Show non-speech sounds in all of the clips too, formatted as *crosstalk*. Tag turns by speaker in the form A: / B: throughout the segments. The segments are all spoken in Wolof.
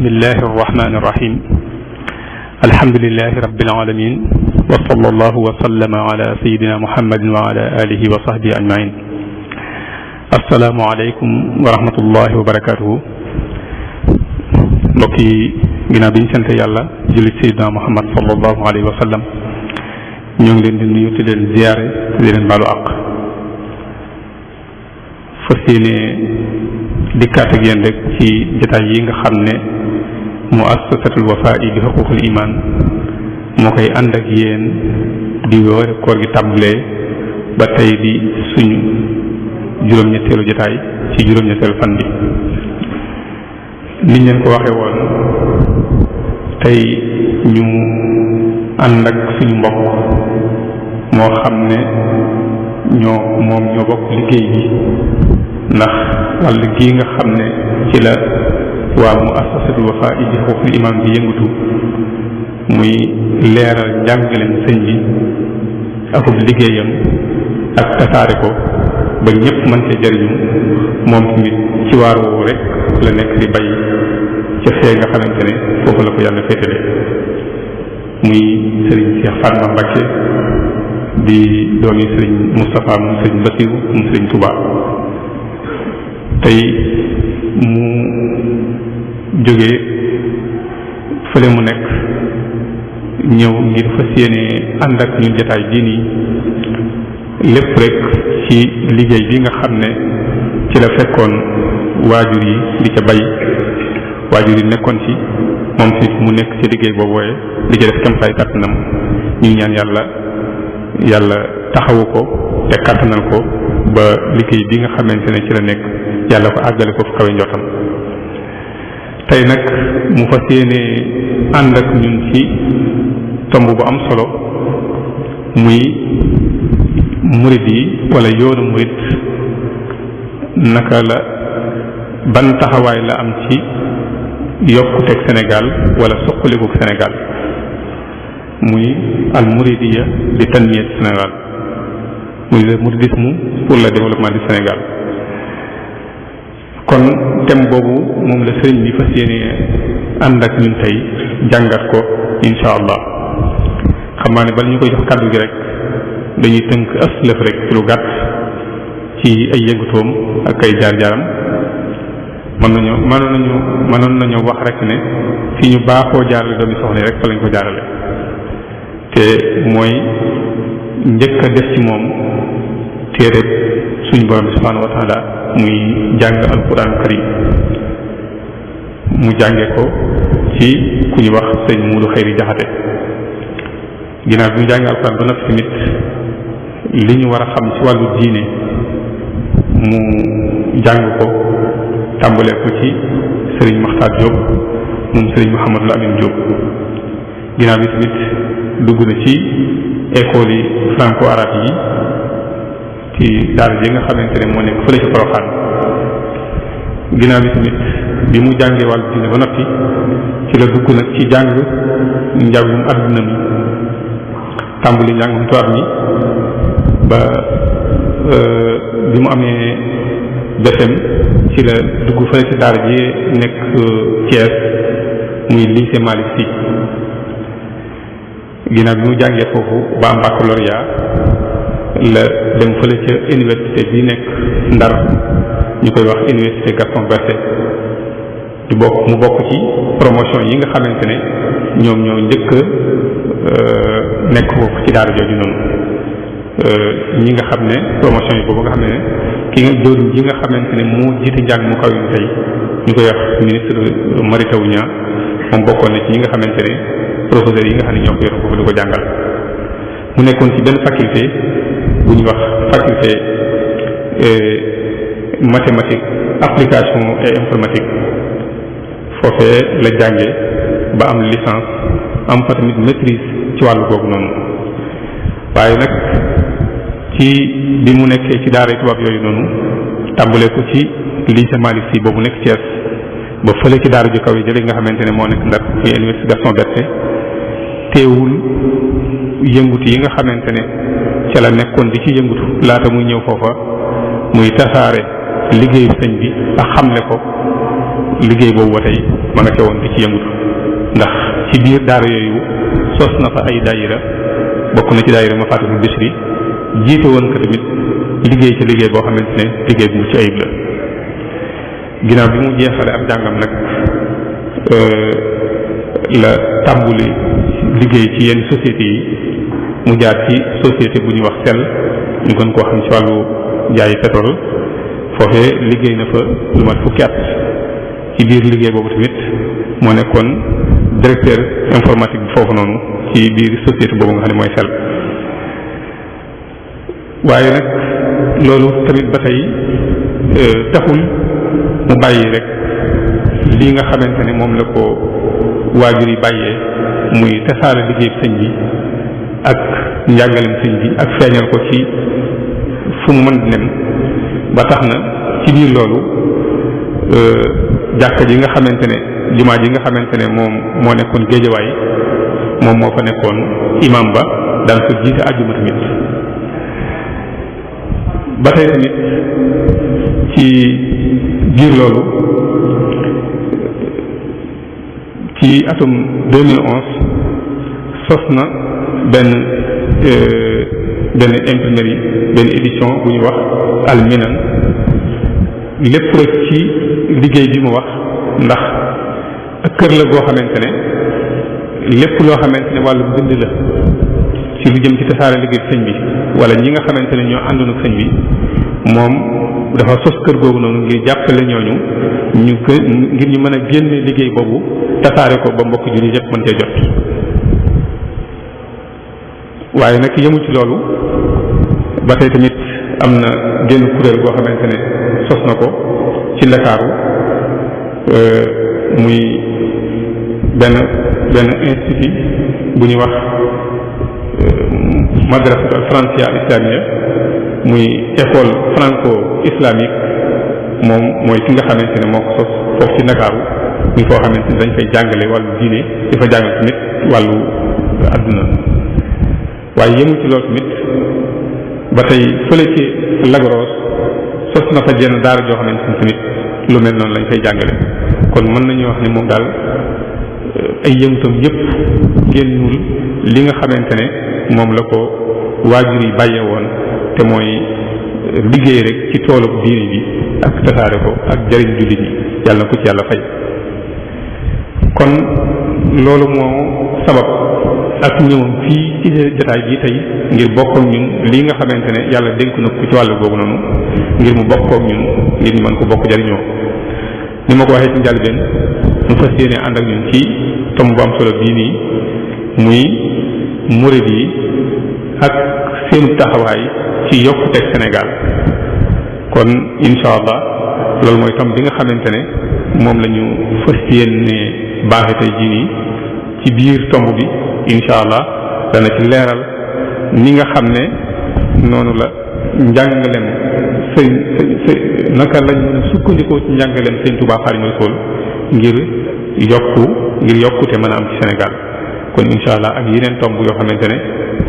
A: bismillahi arrahmani irrahim alhamdulilahi rabilalamin wasala allahu wasallama ala sayidina muhammadin wa ala alihi wa sahbihi ajmain asalaamu aleykum wa rahmatullahi wa barakatuhu mbokk yi ginnaaw bi ñu sant yàlla julli sayidina muhammad salallahu alayhi wa sallam ñoo ngi leen di nuyu di leen ziyaare di leen baalu àq fas yéene dikkaat ak yéen rek ci jataay yi nga xam ne mu assasatul wafaa bi xuququl iman moo koy ànd ak yéen bi woore koor gi tàmbalee ba tey di suñu juróom-ñetteelu jotaay ci juróom-ñetteelu fan bi niñ leen ko waxee woon tey ñu ànd ak suñu mbokk moo xam ne ñoo moom ñoo bokk liggéey bi ndax wàll gii nga xam ne ci la waa mu assasatul wafa yi ci foofu imaam bi yëngatu muy leeral jàngaleen sëñ bi akub liggéeyam ak tasaare ko ba ñëpp mën cee jëriñu moom tamit ci waar woowu rek la nekk di bay ca fee nga xamante ne foofu la ko yàlla féetale muy sëriñ Cheikh Fatma Mbacke di doomi sëriñ Moustapha mu sëriñ Basiru mu sëriñ Touba tey mu jóge fële mu nekk ñëw ngir fas yéene ànd ak ñun jataay diin yi lépp rekk ci liggéey bi nga xam ne ci la fekkoon waajur yi di ca bay waajur yi nekkoon ci moom si mu nekk ci liggéey boobooyee li ca def kemtaay kàttanam ñu ngi ñaan yàlla yàlla taxawu ko te kàttanal ko ba liggéey bi nga xamante ne ci la nekk yàlla ko àggale ko fu kawe njootam tey nag mu fas yéenee ànd ak ñun ci tomb bu am solo muy murid yi wala yoonu murit naka la ban taxawaay la am ci yokkuteeg Sénégal wala ak Sénégal muy al muridiya li tanmiyat Sénégal muy le mu pour la développement du Sénégal thème boobu moom la sëriñ bi fas yéene ànd ak ñun tey jàngat ko insha allah xam naa ne bala ñu koy jox kàddu gi rek dañuy tënk aslëf rek ci ci ay yëngutoom ak ay jaar-jaaram mën nañu mënoon nañu mënoon nañu wax rek ne fi ñu baaxoo jaarale doomi soxna rek fa lañ ko jaarale te mooy njëkk a def ci moom téere suñu borom bi subhanahu wa muy jàng alquran karim mu jànge ko ci ku ñu wax sëñ Muudu Xëyri Jaxate ginnaaw bi mu jànge alxuraan ba noppi tamit li ñu war a xam ci wàllu diine mu jàng ko tàmbalee ko ci sëriñ Maxtaar Diop moom sëriñ Mouhamadul Amin Diop ginnaaw bi tamit dugg na ci école yi yi ci daara ji nga xamante ne moo nekk fële ci Porokhane ginnaaw bi tamit bi mu jàngee wàllu diine ba noppi ci la dugg nag ci jàng njàngum àdduna mi tàmbali njàngum tubaab mi ba euh, bi mu amee defem ci la dugg fële ci daara ji nekk euh, Thiès muy lycée Malick Sy ginnaaw bi mu jàngee foofu ba am baccalauréat la dem fële ca université bi nekk Ndar ñu koy wax université Gaston Berger di bokk mu bokk ci promotion yi nga xamante ne ñoom ñoo njëkk euh, nekk ko ci daara jooju noonu euh, ñi nga xam ne promotion yi boobu nga xam ne ki nga doon yi nga xamante ne moo jiite njàng mu kaw yi tey ñu koy wax ministre Mary Teuw Niane moom bokkoon na ci ñi nga xamante ne professeurs yi nga xam ne ñoo ko yor foofu ko jàngal mu nekkoon ci benn faculté bu ñuy wax faculté euh, mathématique application et informatique foofee la jànge ba am licence am fa tamit maîtrise ci wàllu googu noonu waaye nag ci bi mu nekkee ci daara tubaab yooyu noonu tàmbalee ko ci lycée Malick Sy boobu nekk Thiès ba fële ci daara ju kaw yi jële nga xamante ne moo nekk Ndar muy université Gaston Berger teewul yëngutu yi nga xamante ne ca la nekkoon di ci yëngutu laata muy ñëw foofa muy tasaare liggéeyu sëñ bi ak xamle ko liggéey boobu ba tey ma nga woon di ci yëngutu ndax ci biir daara yooyu sos na fa ay daayira bokk na ci daayira ma fàttali bisri jiite woon ko liggéey ci liggéey boo xamante ne liggéey bu bi mu jeexale am jàngam nag euh, la liggéey ci yenn sociétés jaar ci société bu ñuy wax sel ñu gën koo xam ci wàllu jaayi pétrole foofee liggéey na fa lu mat fukki at ci biir liggéey boobu tamit moo nekkoon directeur informatique bi foofu noonu ci biir société boobu nga xam ne mooy sel waaye nag loolu tamit ba tey euh, taxul mu bàyyi rek li nga xamante ne moom la ko waajur yi bàyyee muy tasaare liggéey sëñ bi ak njàngalem sëñ bi ak feeñal ko ci fu mu mën di ba tax na ci biir loolu euh, jàkka ji nga xamante ne jumaa ji nga xamante ne moom moo nekkoon géejawaay moom moo fa nekkoon imam ba daan fa jiite àjjuma tamit ba tey tamit ci biir loolu ci atum 2011 sos na benn euh, benn imprimerie benn édition bu ñu wax alminan lépp rek ci liggéey bi mu wax ndax kër la goo xamante ne lépp loo xamante ne wàllu bind la ci lu jëm ci tasaare liggéey sëñ bi wala ñi nga xamante ne ñoo àndoon ak sëñ bi moom dafa sos kër googu noonu ngir jàppale ñooñu ñu gë ngir ñu mën a génne liggéey boobu tasaare ko ba mbokk jullit yëpp mën cee jot waaye nag yemu ci loolu ba tey tamit am na génn kuréel goo xamante ne sos na ko ci Ndakaaru euh, muy benn benn institut bu ñuy wax euh, madrasa francia islamia muy école franco islamique moom mooy ki nga xamante ne moo ko sos foofu ci Ndakaaru muy foo xamante ne dañ fay jàngale wàllu diine dafa jàngale tamit wàllu àdduna waaye yëmu ci loolu tamit ba tey fële ci Lagos sës na fa jenn daaru joo xamante ni tamit lu mel noonu lañ fay jàngale kon mën nañu wax ne moom daal euh, ay yëngutam yëpp génnul li nga xamante ne moom la ko waajur yi bàyyee woon te mooy euh, liggéey rek ci toolub diini bi ak tasaare ko ak jëriñ jullit yi yàlla ko ci yàlla fay kon loolu moo sabab ak ñëwam fii ci jotaay bii tey ngir bokk ñun lii nga xamante ne yàlla dénk na ko ci wàllu boobu noonu ngir mu bokk ak ñun ngir ñu ko bokk jariñoo ni ma ko waxee ci njàlbeen mu fas yéene ànd ak ñun ci tomb bu solo bii nii muy murid yi ak seenu taxawaay ci yokkuteeg Sénégal kon incha allah loolu mooy tomb bi nga xamante ne moom la ñu fas yéene tey jii nii ci biir tomb bi incha allah dana ci leeral ni nga xam ne noonu la njàngaleem sëñ sëñ naka lañ mën a sukkandikoo ci njàngaleem sëñ Tuubaa Xaadimu Rasuul ngir yokku ngir yokkute mën a am ci Sénégal kon incha allah ak yeneen tomb yoo xamante ne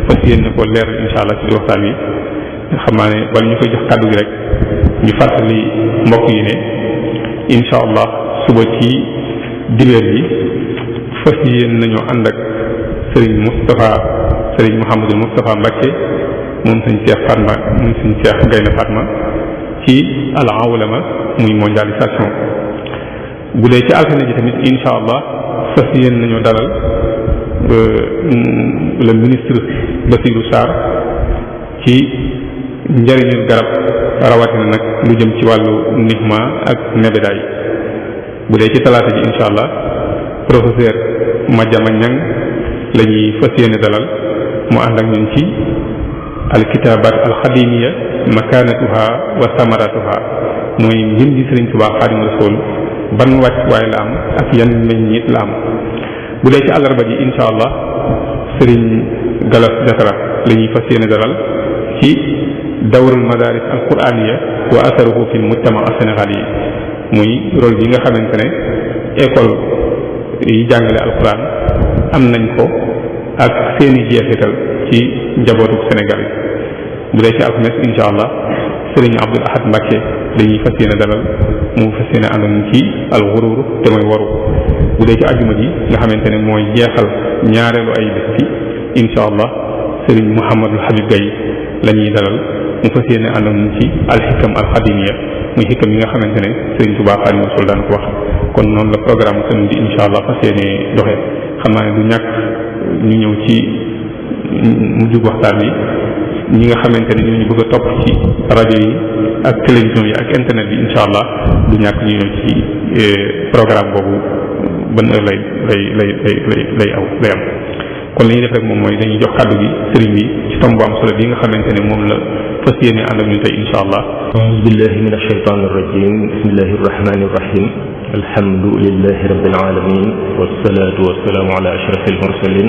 A: fas yéene ko leeral incha allah ci xam naa ne bala ñu koy jox kàddu gi rek ñu fàttali mbokk yi ne incha allah suba ci dibeer yi fas yéen nañoo ànd ak sëriñ Moustapha sëriñ Mouhamadou Moustapha Mbacke moom suñ Cheikh Fatma moom suñ Cheikh Gaynde Fatma ci al ma muy mondialisation bu dee ci altine ji tamit incha allah fas yéen nañoo dalal euh, le ministre Bassirou Sarr ci njëriñu garab rawatina nag lu jëm ci wàllu nixma ak nebedaay bu dee ci talaata ji incha allah professeur Madiama Niang lañuy ñuy fas yéene dalal mu ànd ak ñun ci alkitaabaat alxadimiya makaanatuha wa samaratuha mooy mbindi sëriñ Tuubaa Xaadimu Rasuul ban wàcc waaye la am ak yan meññit la am bu dee ci àllarba ji incha allah sëriñ galas jatara la ñuy fas yéene dalal ci dawrul madaris al quraniya wa asaruhu fi mujtama al sénégal yi muy rôle bi nga xamante ne école yi jàngale alquran am nañ ko ak seeni jeexital ci njabootu Sénégal yi bu dee ci alxames incha allah sëriñ Abdul Ahad Mbacke dañuy fas yéene dalal mu fas yéene àndoon ci alxuruur te mooy waru bu dee ci ajuma ji nga xamante ne mooy jeexal ñaareelu ay bés bi incha allah sëriñ Mouhamadul Habib Gaye lañuy dalal. ñu fas yéene àndoon ci alxikam alxadimiya muy xikam yi nga xamante ne Serigne Touba Xaadimu Rasuul daan ko wax kon noonu la programme sëñ bi incha allah fas yéene doxee xam naa ne du ñàkk ñu ñëw ci mujjub waxtaan ñi nga xamante ne ñooñu bëgg a topp rajo yi ak télévision yi ak internet bi incha allah du ñàkk ñu ñëw ci eh, programme boobu ban heure lay lay lay lay lay aw am kon li ñuy def rek moom mooy dañuy jox kàddu gi sëriñ bi ci tomb am solo bi nga xamante ne moom la fas yéene ànd ak ñun tey incha allah. aouzu billahi min ashaytaani rajim bismillahi rahmani rahim alhamdulillahi rabbil
B: alamin wassalatu wassalamu ala ashrafil mursalin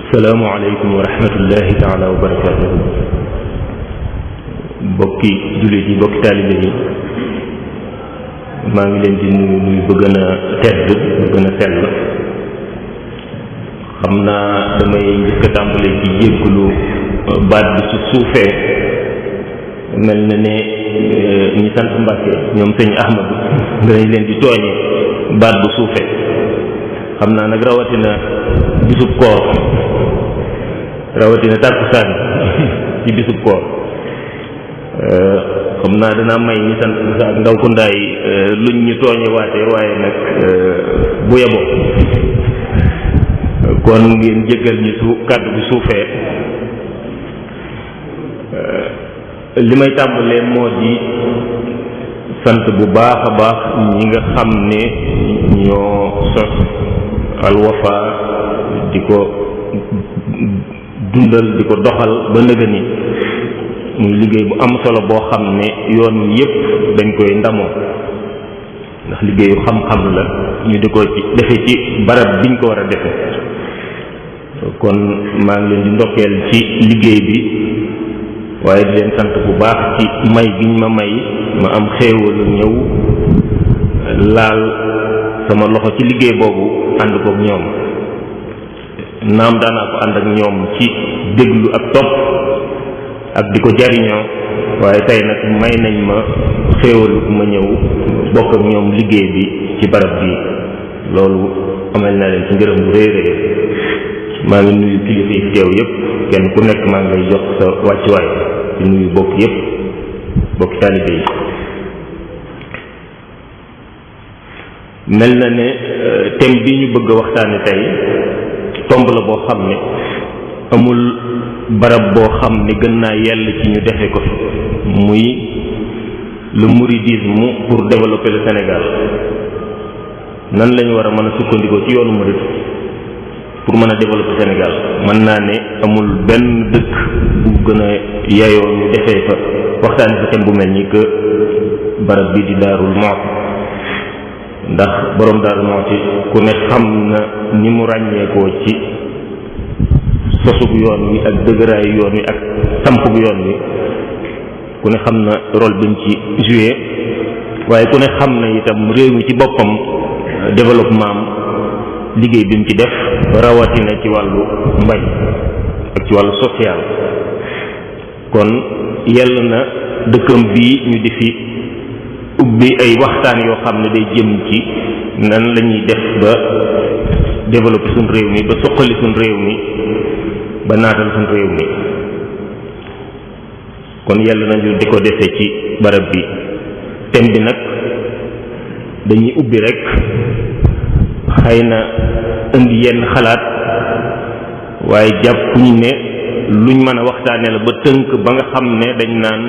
B: assalaamu aleykum wa rahmatullahi taala wa barakatuhu bokki jullit yi bokki taalibe yi maa ngi leen di nuyu nuyu ba gën a tedd ba gën a sell xam naa damay njëkk a tàmbale ci yëglu baat bi suufee mel na ne euh, ñi sant Mbàkke ñoom sëñ Ahmadu danañ leen di tooñee baat bu suufee xam naa nag rawatina bisub koor rawatina tàkkusaan *laughs* ci bisub koor euh, xam naa danaa may ñi sant sa ak ngaw kundaay euh, luñ ñu tooñe waate waaye nag bu yeboo kon ngeen jéggal ñi su kàddu bu suufee li may tàmbalee moo di sant bu baax a baax ñi nga xam ne ñoo sos di ko dundal di ko doxal ba nëgë muy liggéey bu am solo boo xam ne yoon wi yépp dañ koy ndamoo ndax liggéeyu xam-xam la ñu di ko ci defe ci barab biñ ko war a defe kon maa ngi di ndokkeel ci liggéey bi waaye di leen sant bu baax ci may biñ ma may ma am xéewalu ñëw laal sama loxo ci liggéey boobu ànd kook ñoom naam daanaa ko ànd ak ñoom ci déglu ak topp ak di ko jariñoo waaye tey nag may nañ ma xéewalu ma ñëw bokk ak ñoom liggéey bi ci barab bi loolu amal naa leen ci ngërëm bu réy réy maa ngi nuyu kilifa teew yëpp kenn ku nekk maa ngi lay jox sa wàccuwaay di nuyu bokk yépp bokk taalibe yi mel na ne euh, thème bi ñu bëgg a waxtaane tey tomb la boo xam ne amul barab boo xam ne gën naa yell ci ñu defe ko fi muy le mouridisme pour développer le Sénégal nan lañu war a mën a sukkandikoo ci yoonu murid pour mën a développer Sénégal mën naa ne amul benn dëkk bu gën a yayoo ñu defee fa waxtaani fa thème bu mel ni que barab bi di Daarul Muxti ndax boroom Daarul Muxti ku ne xam na ni mu ràññeekoo ci sosug yoon wi ak dëgëraayu yoon wi ak sampug yoon wi ku ne xam na rol bi mu ci joué waaye ku ne xam na itam réew mi ci boppam développement am liggéey bi mu ci def rawatina ci wàllu mbay ak ci wàllu social kon yell na dëkkam bii ñu di fi ubbi ay waxtaan yoo xam ne day jëm ci nan lañuy def ba développer suñ réew mi ba suqali suñ réew mi ba naatal suñ réew mi kon yàlla nañu di ko defee ci barab bi thème bi nag dañuy ubbi rek xëy na indi yenn xalaat waaye jàppuñ ne luñ mën a waxtaanee la ba tënk ba nga xam ne dañ naan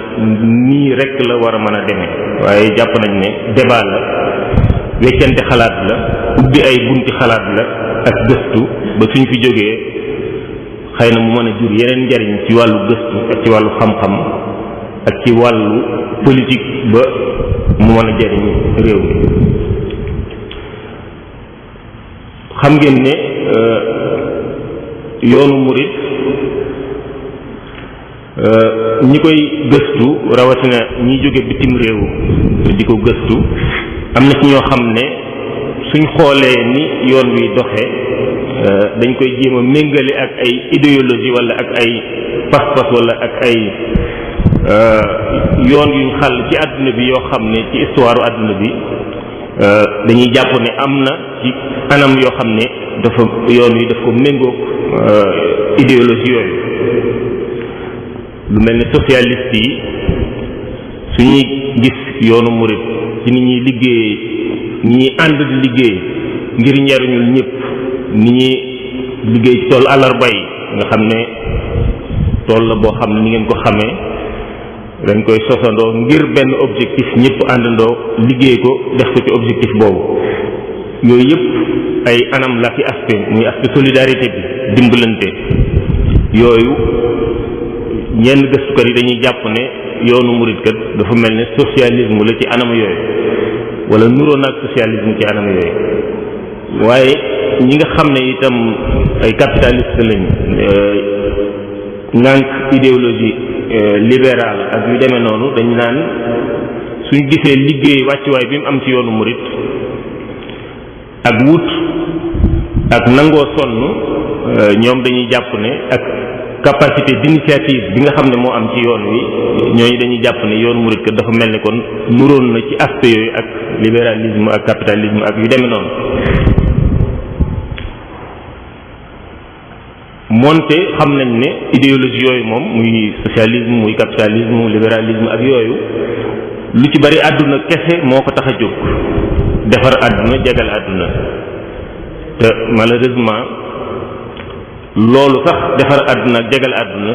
B: nii rek la war a mën a deme waaye jàpp nañ ne débat la weccante xalaat la ubbi ay bunti xalaat la ak gëstu ba suñ fi jógee xëy na mu mën a jur yeneen njariñ ci wàllu gëstu ak ci wàllu xam-xam ak ci wàllu politique ba mu mën a jariñ réew mi xam ngeen ne euh, yoonu murit euh, ñi koy gëstu rawatina ñi jóge bitim réew di ko gëstu am na ci ñoo xam ne suñ xoolee ni yoon wi doxe euh, dañ koy jéem a méngale ak ay idéologie wala ak ay pas-pas wala ak ay yoon yuñ xàll ci àdduna bi yoo xam ne ci histoire àdduna bi Euh, dañuy jàpp ne am na ci anam yoo xam ne dafa yoon wi daf ko méngóog euh, idéologie yooyu lu mel ne socialiste yi su ñuy gis yoonu murit ci ni ñuy liggéey ñu ñuy ànd di liggéey ngir njariñul ñépp ni ñuy liggéey ci tool àllarba yi nga xam ne tool la boo xam ne ni ngeen ko xamee dañ koy sosandoo ngir benn objectif ñëpp àndandoo liggéey ko def ko ci objectif boobu yooyu yëpp ay anam la ci aspect muy aspect solidarité bi dimbalante yooyu ñenn gëstukat yi dañuy jàpp ne yoonu murit kat dafa mel ne socialisme la ci anam yooyu wala nuroo naag socialisme ci anam yooyu waaye ñi nga xam ne itam ay capitaliste lañ ngànk euh, idéologie Euh, libéral ak yu demee noonu dañ naan suñ gisee liggéey wàccuwaay bi mu am ci yoonu murit ak wut ak nangoo sonn euh, ñoom dañuy jàpp ne ak capacité d'initiative bi nga xam ne moo am ci yoon wi ñooñu dañuy jàpp ne yoonu murit que dafa mel ni kon nuróon na ci aspect yooyu ak libéralisme ak capitalisme ak yu deme noonu moonte xam nañ ne idéologie yooyu moom muy socialisme muy capitalisme libéralisme ak yooyu lu ci bari àdduna kese moo ko tax a jóg defar àdduna jegal àdduna te malheureusement loolu sax defar àdduna ak jagal àdduna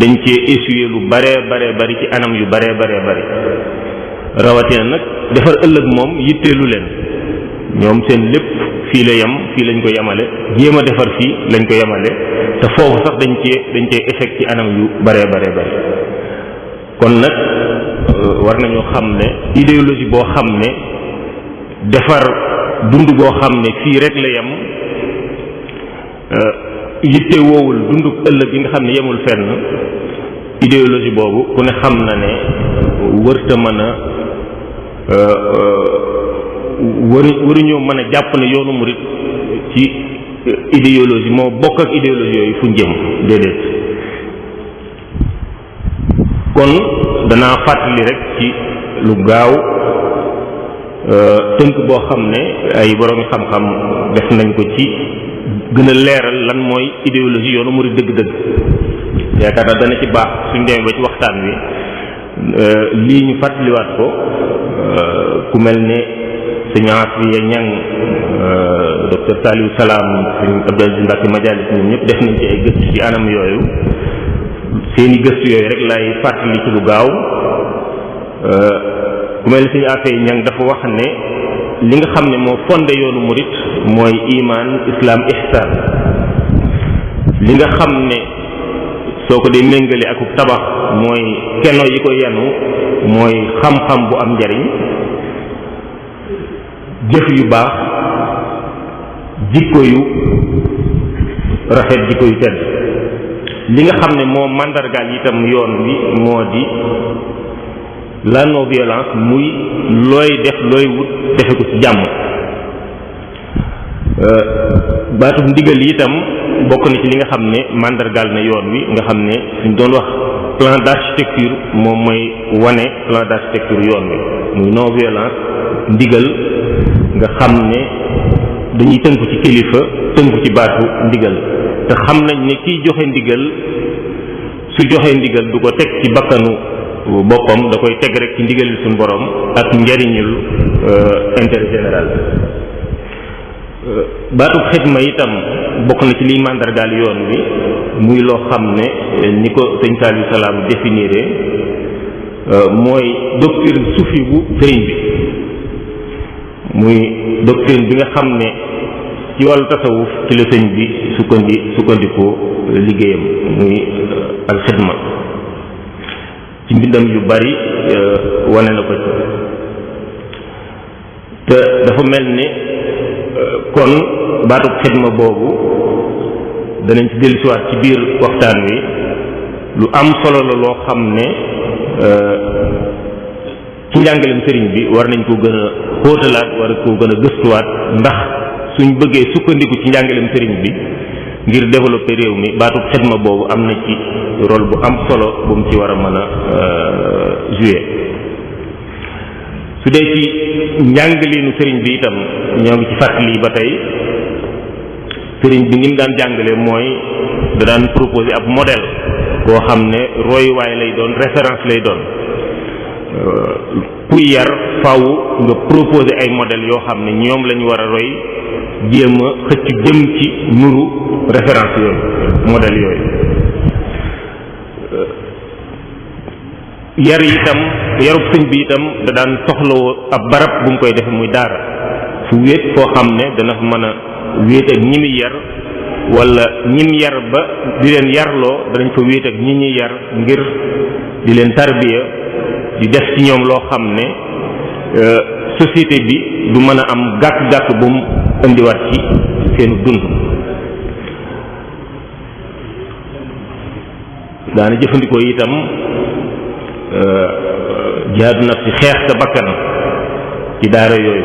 B: dañ cee essuyer lu bare bare bari ci anam yu bare bare bari rawatina nag defar ëllëg moom yitteelu leen ñoom seen lépp fii la yem fii lañ ko yemale yéema a defar fii lañ ko yemale te foofu sax dañ cee dañ cee échec ci anam yu bare bare bare kon nag euh, war nañoo xam ne idéologie boo xam ne defar dund boo xam ne la yem euh, yitte woowul ëllëg yi nga xam ne yemul fenn idéologie boobu ku ne xam na ne wërta mën euh, waru waruñoo mën a jàpp na yoonu murit ci idéologie moo bokk ak idéologie yooyu fu jëm déedéet kon danaa fàttali rek ci lu gaaw euh, tënk boo xam ne ay boroomi xam-xam def nañ ko ci gën leeral lan mooy idéologie yoonu murit dëgg-dëgg yaakaar naa dana ci baax suñ demee ba ci waxtaan wi euh, lii ñu fàttaliwaat ko euh, ku mel ne sëñ Afia Ñang euh, docteur Saliou Salaam sëñ Abdou Aziz Mbacke Majalis ñoom ñëpp def nañ ci ay gëstu ci anam yooyu seeni gëstu yooyu rek lay fàttali ci lu gaaw euh, ku mel ni sëñ Afia Ñang dafa wax ne li nga xam ne moo fondé yoonu murit mooy iman islam ihsan li nga xam ne soo ko dee méngale akub tabax mooy keno yi ko yenu mooy xam-xam bu am njariñ jëf yu baax jikko yu rafet jikko yu tedd li nga xam ne moo màndargaal itam yoon wi moo di la non violence muy looy def looy wut defe ko ci jàmm euh, baatub ndigal itam bokk na ci li nga xam ne màndargaal na yoon wi nga xam ne suñ doon wax plan d'architecture moom mooy wane plan d'architecture yoon wi muy non violence ndigal nga xam ne dañuy tënku ci kilifa tënku ci baatu ndigal te xam nañ ne kiy joxe ndigal su joxe ndigal du ko teg ci bakkanu boppam da koy teg rek ci ndigalil suñ boroom ak njariñul euh, intérêt général euh, baatu xidma itam bokk na ci liy màndargaal yoon wi muy loo xam ne euh, ni ko sëñ Saliou Salaam mooy doctrine suufi bu sëriñ bi muy doctrine bi nga xam ne ci wàll tasawuf ci la sëñ bi sukkandi sukkandikoo liggéeyam muy euh, alxidma ci mbindam yu bari euh, wane na ko te dafa mel ni euh, kon baatu xidma boobu danañ ci dellusiwaat ci biir waxtaan wi lu am solo la loo xam ne ci njàngalem sëriñ bi war nañ koo gën a xóotalaat war koo gën a gëstuwaat ndax suñ bëggee sukkandiku ci njàngalem sëriñ bi ngir développer réew mi baatub ma boobu am na ci rôle bu am solo bu mu ci war a mën a euh, jouer su dee ci njàngaleenu sëriñ bi itam ñoo ngi ci fàttali ba tey sëriñ bi ni mu daan jàngale mooy da daan proposer ab model koo xam ne royuwaay lay doon référence lay doon ku yar faaw nga proposer ay modèles yoo xam ne ñoom la ñu war a roy jéema a xëcc jëm ci nuru référence yooyu modèles yooyu yar itam yarub sëñ bi itam da daan soxlawoo ab barab bu mu koy defe muy daara fu wéet foo xam ne dana fa mën a wéet ak ñi muy yar wala ñim yar ba di leen yarloo danañ fa wéet ak ñi ñuy yar ngir di leen tarbiya di def ci ñoom loo xam ne euh, société bi du mën a am gàkk-gàkk bu mu indiwaat ci seenu dund daana jëfandikoo itam euh, jihaadu nafsi xeex sa bakkan ci daara yooyu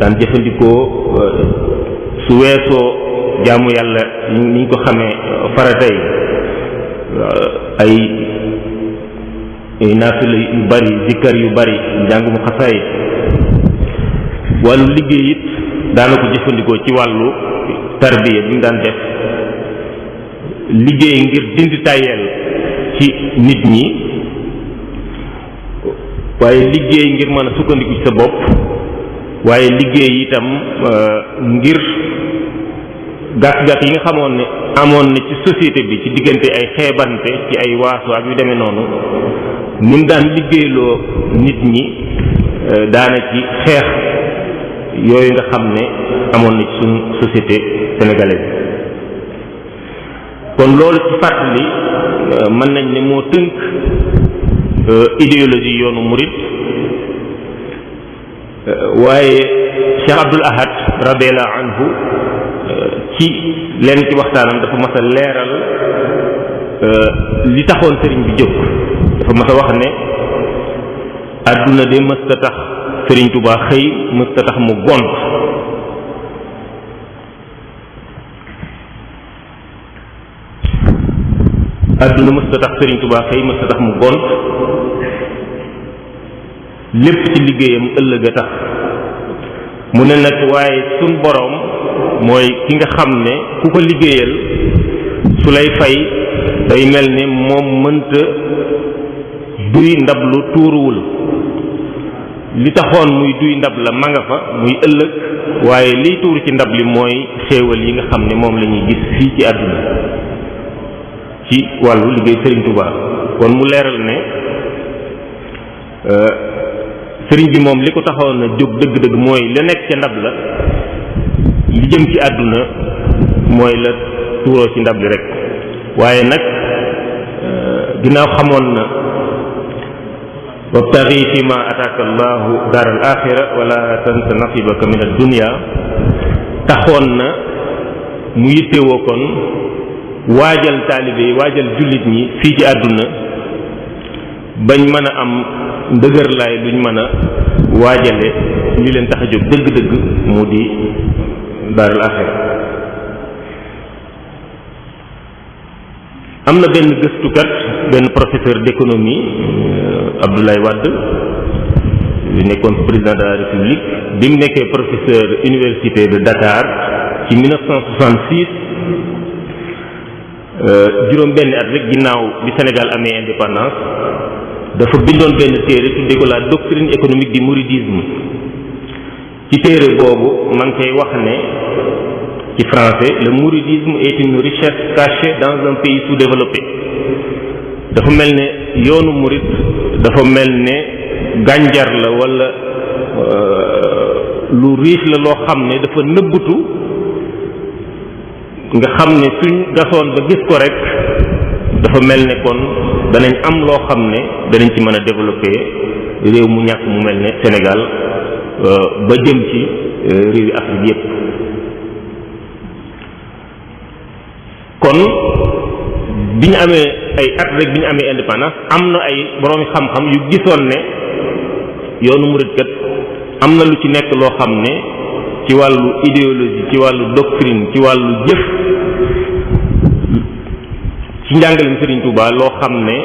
B: daan jëfandikoo euh, su weesoo jaamu yàlla ni ñu ko xamee farata ay naafila yu bari zikkar yu bari njàngum xasaay wàllu liggéey it daana jëfandikoo ci wàllu tarbiya bi mu daan def liggéey ngir dindi tàyyeel ci nit ñi waaye liggéey ngir mën a sukkandiku ci sa bopp waaye liggéey itam euh, ngir gàtt gàtt yi nga xamoon ne amoon na ci société bi ci diggante ay xeebante ci ay waaso ak yu demee noonu nim daan liggéeyloo nit ñi euh, daana ci xeex yooyu nga xam ne amoon na ci suñ société sénégalaise kon loolu ci fàttali euh, mën nañ ne moo tënk euh, idéologie yoonu murit waaye Cheikh Abdul Ahad radiyallahu anhu ci lenn ci waxtaanam dafa mas a leeral euh, li taxoon sëriñ bi jóg dafa mas a wax ne àdduna de mësta tax sëriñ Tuubaa xëy ma tax mu gont àdduna mësta tax sëriñ Tuubaa xëy mu gont lépp ci liggéeyam ëllëg a tax mu ne nag waaye sun boroom mooy ki nga xam ne ku ko liggéeyal su lay fay day mel ni moom mënta duy ndab lu tuuruwul li taxoon muy duy ndab la ma nga fa muy ëllëg waaye liy tuur ci ndab li mooy xéewal yi nga xam ni moom lañuy ñuy gis fii ci àdduna ci wàllu liggéey Sëriñ Tuubaa kon mu leeral ne euh, sëriñ bi moom li ko taxoon a jóg dëgg-dëgg mooy la nekk ca ndab la li jëm ci àdduna mooy la tuuroo ci ndab li rek waaye nag euh, ginnaaw xamoon na wabtaxi fi ma ataaka taxoon na mu yittewoo kon waajal taalibe yi waajal jullit ñi fii ci àdduna bañ mën a am ndëgërlaay luñ mën a waajale li leen tax a jóg dëgg-dëgg mu di daaril am na benn gëstukat benn professeur d'économie euh, Abdoulaye wadd nekkoon président de la république bi mu nekkee professeur université de Dakar ci 1966 juróom benn at rek ginnaaw bi Sénégal amee indépendance dafa bindoon benn téere tudde ko la doctrine économique du mouridisme ci téere boobu ma ngi wax ne ci français le mouridisme est une richesse cachée dans un pays sous-développé dafa mel ne yoonu murid dafa mel ne gànjar la walla euh, lu riche la loo xam ne dafa nëbbatu nga xam ne suñ gasoon ba gis ko rek dafa mel ne kon danañ am loo xam ne danañ ci mën a développer réew mu ñàkk mu mel ne Sénégal ba jëm ci euh, réew yi Afrique yépp kon bi ñu amee ay at rek bi ñu amee indépendance am na ay borom xam-xam yu gisoon ne yoonu murid kat am na lu ci nekk loo xam ne ci wàllu idéologie ci wàllu doctrine ci wàllu jëf ci njàngalem Serigne Touba loo xam ne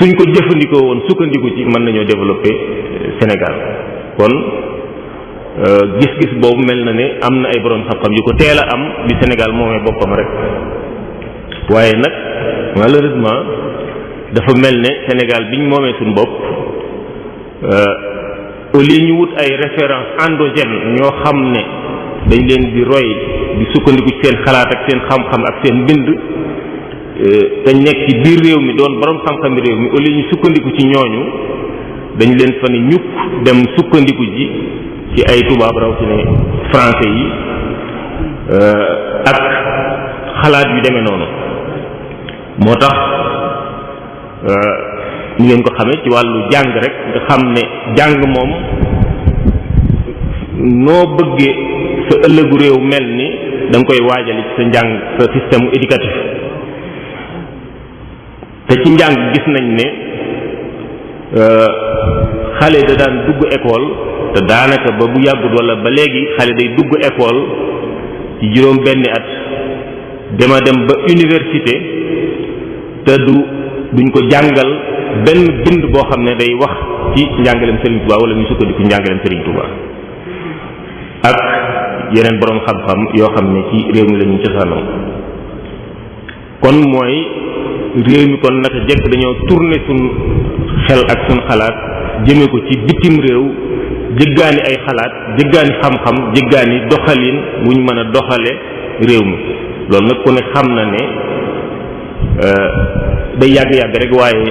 B: suñ ko jëfandikoo woon sukkandiku ci mën nañoo développer euh, Sénégal kon euh, gis-gis boobu mel na ne am na ay borom xam-xam yu ko teel a am bi senegal moomee boppam rek waaye nag malheureusement dafa mel ne senegal bi moomee suñu bopp euh, au lieu ñu wut ay références endogènes ñoo xam ne dañ leen di roy di sukkandiku ci seen xalaat ak seen xam-xam ak seen bind euh, dañ nekk ci biir réew mi doon borom xam-xam réew mi au ñu sukkandiku ci ñooñu. dañ leen fa ne ñukk dem sukkandiku ji ci ay tubaab rawatina français yi euh, ak xalaat yu demee noonu moo tax ñu euh, leen ko xamee ci wàllu jàng rek nga xam ne jàng moom noo bëggee sa ëllëgu réew mel ni da koy waajale ci sa njàng sa système éducatif te ci njàng gis nañ ne Euh, xale da daan dugg école te daanaka ba bu yàggut wala ba léegi xale day dugg école ci juróom benni at dema dem ba université te du duñ ko jàngal benn bind boo xam ne day wax ci njàngaleem Serigne Touba wala ñu sukkandiku njàngaleem Serigne Touba ak yeneen boroom xam-xam yoo xam ne ci réew mi la cosaanoo kon mooy réew mi kon naka jekk dañoo tourné suñ xel ak suñ xalaat jëme ko ci bitim réew jëggaani ay xalaat jëggaani xam-xam jëggaani doxalin wuñ mën a doxale réew mi loolu nag ku ne xam na ne euh, day yàgg-yàgg rek waaye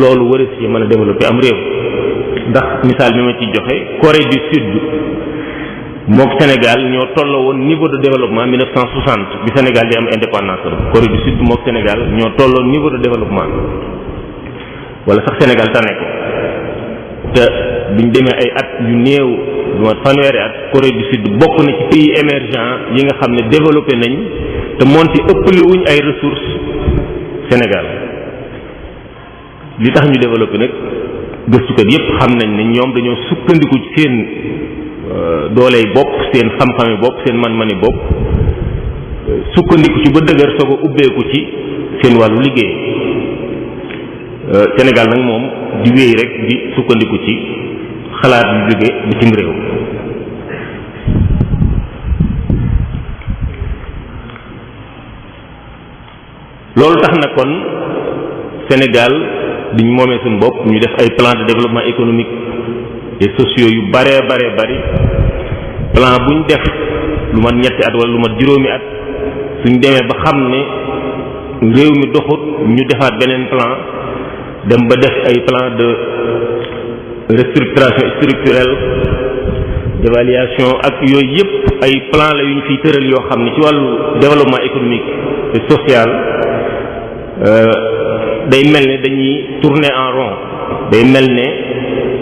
B: loolu war a si mën a développer am réew ndax misaal bi ma ci joxe Corée du Sud mook Sénégal ñoo tolloo woon niveau de développement 1960 bi Sénégal di am indépendance am Corée du Sud mook Sénégal ñoo tolloon niveau de développement wala sax Sénégal tane ko te buñ demee ay at yu néew lu ma fanweeri bokk na ci pays émergents yi nga xam ne développé nañ te moonte ëppale wuñ ay ressources Sénégal li tax ñu développé nag gëstukat yépp xam nañ ne ñoom dañoo sukkandiku ci seen euh, dooley bopp seen xam-xami bopp seen man-mani bopp sukkandiku ci ba dëgër soog a ubbeeku ci seen wàllu liggéey Euh, Sénégal nag moom di wéy rek di sukkandiku ci xalaat yu jóge bitim réew loolu tax na kon Sénégal diñ moomee suñu bopp ñu def ay plan de développement économique et sociaux yu bare bare bari plan buñ def lu mat ñetti at wala lu mat juróomi at suñ demee ba xam ne réew mi doxut ñu defaat beneen plan dem ba def ay plan de restructuration structurelle d'évaluation ak yooyu yëpp ay plan la yu ñu fiy tëral yoo xam ne ci wàllu développement économique et social euh, day mel ne dañuy tourner en rond day mel ne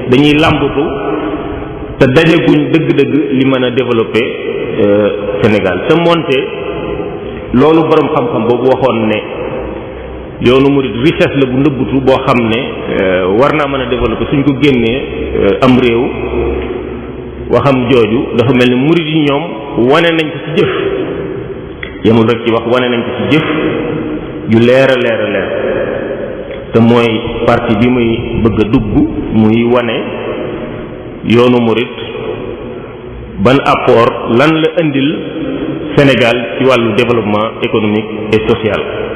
B: dañuy làmbatu te dajaguñ dëgg-dëgg li mën a développer euh, Sénégal te moonte loolu boroom xam-xam boobu waxoon ne yoonu murid richesse la bu ndëbbutu boo xam ne euh, war naa mën a développer suñ ko génnee euh, am réew waxam jooju dafa mel ni murid yi ñoom wane nañ ko ci jëf yemul rek ci wax wane nañ ko ci jëf ju leer a leer a te mooy parti bi may bëgg a dugg muy wane yoonu murid ban apport lan la indil Sénégal ci wàllu développement économique et social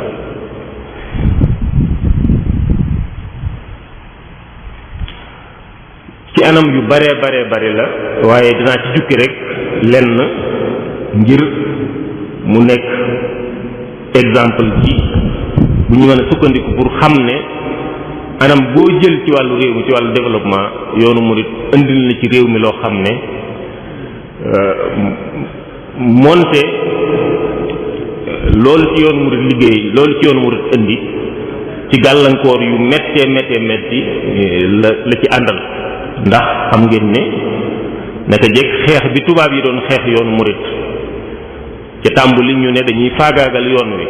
B: ci anam yu baree baree bari la waaye dinaa ci jukki rek lenn ngir mu nekk exemple ci bu ñu mën a sukkandiku pour xam ne anam boo jël ci wàllu réew mi ci wàllu développement yoonu murid indi na ci réew mi loo xam ne euh, moonte loolu ci yoonu murid liggéey loolu ci yoonu murid indi ci gàllankoor yu méttee méttee métti euh, la la ci àndal ndax xam ngeen ne naka jekk xeex bi tubaab yi doon xeex yoon murit ca tàmbali ñu ne dañuy faagaagal yoon wi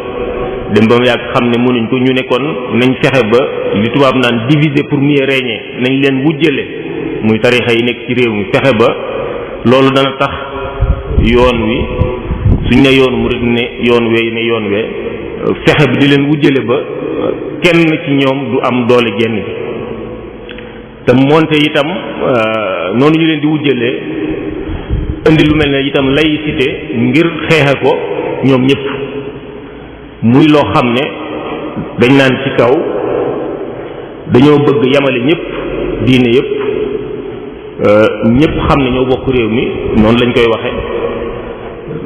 B: dem ba mu yàgg xam ne mënuñ ko ñu nekkoon nañ fexe ba li tubaab naan diviser pour mieux régner nañ leen wujjale muy tarixa yi nekk ci réew mi fexe ba loolu dana tax yoon wi suñ ne yoon murit ne yoon we ne yoon we fexe bi di leen wujjale ba kenn ci ñoom du am doole génn bi te moonte itam euh, noonu ñu leen di wujjalee indi lu mel ne itam lay laïcité ngir xeexe ko ñoom ñëpp muy loo xam ne dañ naan ci kaw dañoo bëgg yamale ñépp diine yëpp euh, ñëpp xam ne ñoo bokk réew mi noonu lañ koy waxe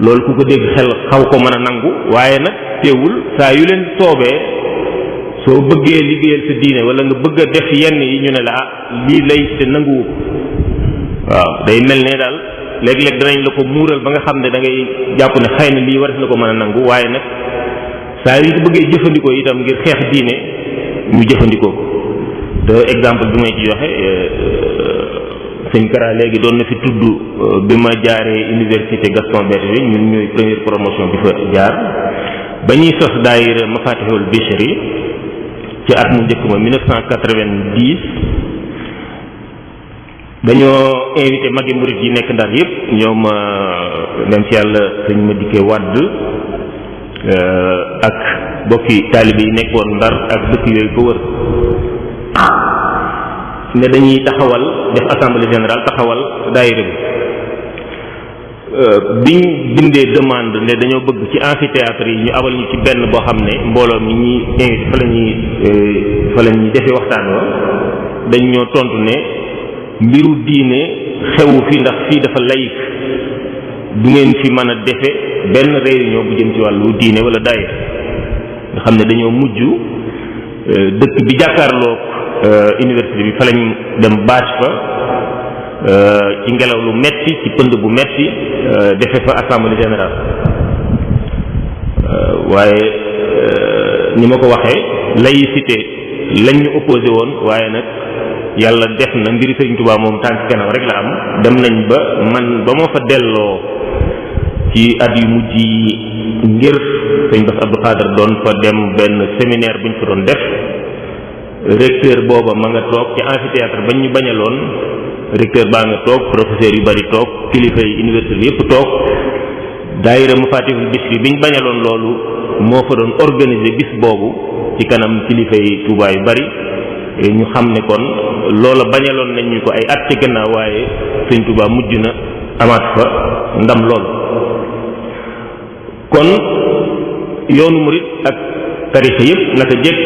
B: loolu ku ko dégg xel xaw ko mën a nangu waaye nag teewul saa yu leen soobee soo bëggee liggéeyal sa diine wala nga bëgg a def yenn yi ñu ne la ah lii lay te nanguwu waaw day mel ne daal léeg-léeg danañ la ko muural ba nga xam ne dangay ngay jàpp ne xëy na lii war na ko mën a nangu waaye nag saa yi bëggee jëfandikoo itam ngir xeex diine ñu jëfandikoo ko te exemple bi may ci joxe euh, euh, sëñ Kara léegi doon na fi tudd euh, bi ma jaaree université Gaston Berger ñun ñooy première promotion bi fa jaar ba ñuy sos daayira Mafatihul Bichri ci at mu njëkk ma 1990 dañoo invité magi murit yi nekk ndar yëpp ñoom dem euh, ci yàlla sëñ ma dikkee wàdd euh, ak bokki taalibe yi nekkoon ndar ak dëkk yooyu ko wër ne dañuy taxawal def assemblée générale taxawal daayira bi Euh, biñ bindee demande ne dañoo bëgg ci amphithéâtre yi ñu abal ñu ci benn boo xam ne mbooloo mi ñi fa la ñuy euh, fa la ñuy waxtaan wa dañ ñoo tontu ne mbiru diine xewu fi ndax fii dafa layik du ngeen fi mën a defe benn réunion bu jëm ci wàllu diine wala daayira nga xam ne dañoo mujj euh, dëkk bi jàkkaarloo université bi fa lañ dem bâche fa Euh, ci ngelaw lu metti ci pënd bu metti euh, defe fa assemblée général euh, waaye ni ma ko waxee laïcité lañ ñu woon waaye nag yàlla def na mbiri Sëriñ Tuubaa moom tànk kanam rek la am dem nañ ba man ba ma fa delloo ci at yu mujj yi ngir sëñ Bass Abdou Khadre doon fa dem benn séminaire buñ fa doon def recteur booba ma nga toog ci amphithéâtre bañ ñu bañaloon recteur baa nga toog professeur yu bari toog kilifa yi université bi yëpp toog daayira Mafatihul Bichri bi ñu bañaloon loolu moo fa doon organiser bis boobu ci kanam kilifa yi Tuubaa yu bari ñu xam ne kon loola bañaloon nañ ñu ko ay at ci gannaaw waaye sëñ Tuubaa mujj na amaat fa ndam lool kon yoonu murit ak tarixa yëpp naka jekk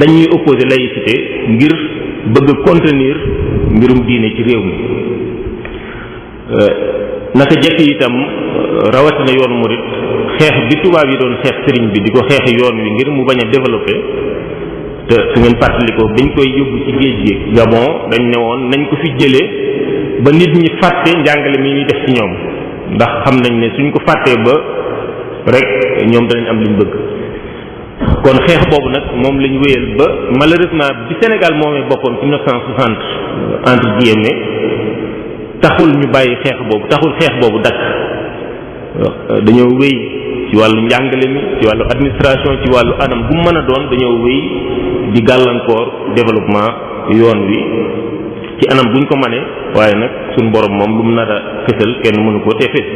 B: dañuy opposer laïcité ngir bëgg contenir mbirum diine ci réew mi eh, naka jëkk itam eh, rawatina yoonu murit xeex bi tubaab yi doon xeex sëriñ bi di ko xeexi yoon wi ngir mu bañ a développé te su ngeen fàttalikoo bañ koy yóbbu ci géej gi Gabon dañ ne woon nañ ko fi jëlee ba nit ñi fàtte njàngale mi ñuy def ci ñoom ndax xam nañ ne suñ ko fàttee ba rek ñoom danañ am liñ bëgg kon xeex boobu nag moom la ñu wéyal ba malheureusement bi Sénégal moomee boppam ci 1960 entre guillemets taxul ñu bàyyi xeex boobu taxul xeex boobu dakk dañoo wéy ci wàllu njàngale mi ci wàllu administration ci wàllu anam bu mën a doon dañoo wéy di gàllankoor développement yoon wi ci anam buñ ko mënee waaye nag suñ borom moom lu mu nar a fësal kenn mënu koo tee fës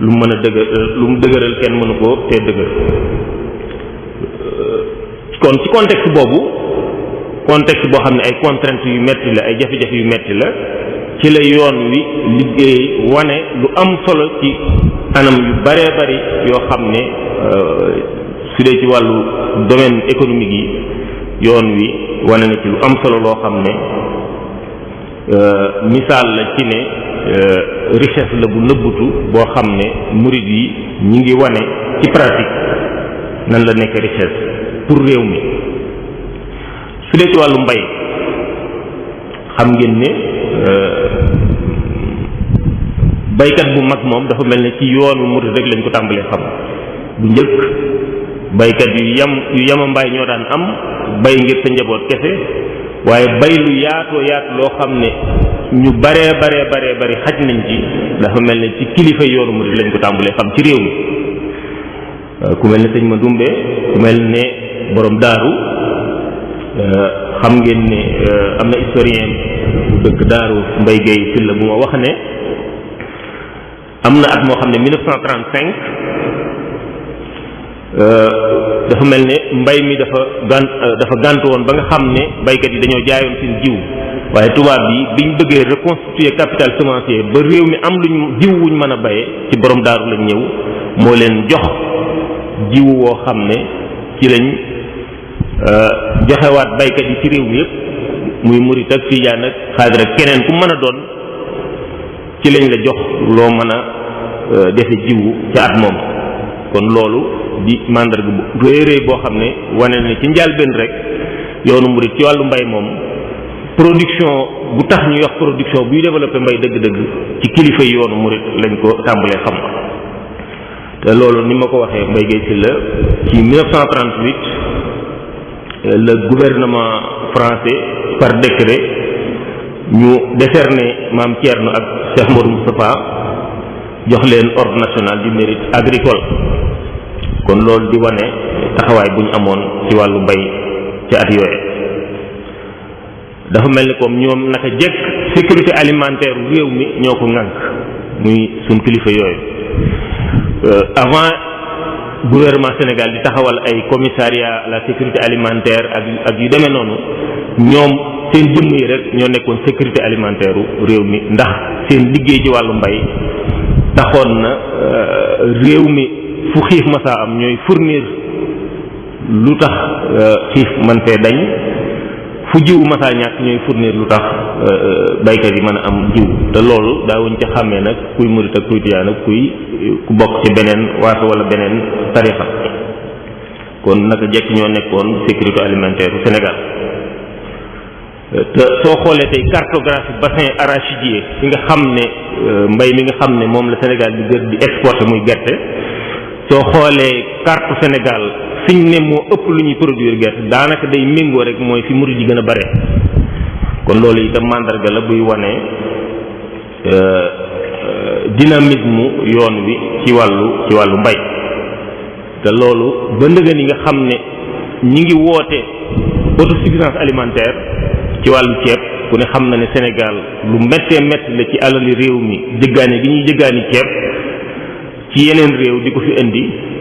B: lu mu mën a dëgër lu mu dëgëral kenn mënu koo tee dëgër kon ci contexte boobu contexte boo xam ne ay contraintes yu metti la ay jafe-jafe yu metti la ci la yoon wi liggéey wane lu am solo ci anam yu bare bari yoo xam ne euh, su dee ci wàllu domaine économique yi yoon wi wane na ci lu am solo loo xam ne euh, misaal la ci ne euh, richesse la bu nëbbutu boo xam ne murid yi ñu ngi wane ci pratique nan la nekk richesse pour réew mi su dee ci wàllu mbay xam ngeen ne euh, baykat bu mag moom dafa mel ne ci yoonu murid rek lañ ko tàmbalee xam bu njëkk baykat yu yam yu yama ñoo daan am bay ngir sa njaboot kese waaye bay lu yaatoo yaatu loo xam ne ñu baree baree bare bari xaj nañ ci dafa mel ne ci kilifa yoonu murid lañ ko tàmbalee xam ci réew mi euh, ku mel ne sëñ ma dumbe ku mel ne boroom daaru euh, xam ngeen ne euh, am na historien bu dëkk daaru Mbay Géey Sylla bu ma wax ne am na at moo xam ne 1935 euh, dafa mel ne mbay mi dafa gànt dafa gàntu woon ba nga xam ne baykat yi dañoo jaayoon seen jiw waaye tubaab yi biñ bëggee reconstituer capital semencier ba réew mi am lu ñu jiw wuñ mën a bayee ci boroom daaru lañ ñëw moo leen jox jiw woo xam ne ci lañ Euh, joxewaat baykat yi ci réew mi yëpp muy murit ak tijaan ak xaadir keneen ku mën a doon ci lañ la jox loo mën a euh, defe jiwu ca at moom kon loolu di màndarga bu rëy rëy boo xam ne wane ne ci njaal benn rek yoonu murit ci wàllu mbay moom production bu tax ñuy wax production buy développé mbay dëgg-dëgg ci kilifa yi yoonu murit lañ ko tàmbalee xam te loolu ni ma ko waxee Mbaye Guèye Sylla ci 1938 Euh, le gouvernement français par décret ñu décerné maam Thierno ak Cheikh Modou Moustapha jox leen ordre national du mérite agricole kon loolu di wane taxawaay bu ñu amoon ci wàllu bay ci at yooye dafa mel ni comme ñoom naka jekk sécurité alimentaire réew mi ñoo ko ŋànk muy suñ kilifa yooyu euh, avant gouvernement Sénégal di taxawal ay commissariat la sécurité alimentaire ak ak yu demee noonu ñoom seen jëmm yi rek ñoo nekkoon sécurité alimentaire réew mi ndax seen liggéey ci wàllu mbay taxoon na euh, réew mi fu xiif masaa am ñooy fournir lu tax euh, xiif man fee dañ fu jiwu ma masaa ñàkk ñooy fournir lu tax euh, euh, baykat yi mën a am jiw te loolu daawuñ ca xàmmee nag kuy murit ak kuy tijaan kuy ku bokk ci beneen waato wala beneen tarixa kon naka jekk ñoo nekkoon sécurité alimentaire u Sénégal te soo xoolee tey cartographie bassin arachidier fi nga xam ne euh, mbay mi nga xam ne moom la Sénégal bi gër bi exporté muy gerte soo xoolee carte Sénégal fiñ ne moo ëpp lu ñuy produire gerte daanaka day méngoo rek mooy fi murid di gën a bare kon loolu itam màndarga la buy wane euh, euh, dynamisme yoon wi ci wàllu ci wàllu mbay te loolu ba ndëgën yi nga xam ne ñi ngi woote autosuffisance alimentaire ci wàllu ceeb ku ne xam na ne Sénégal lu mettee métti la ci alali réew mi jëggaane gi ñuy jëggaani ceeb ci yeneen réew di ko fi indi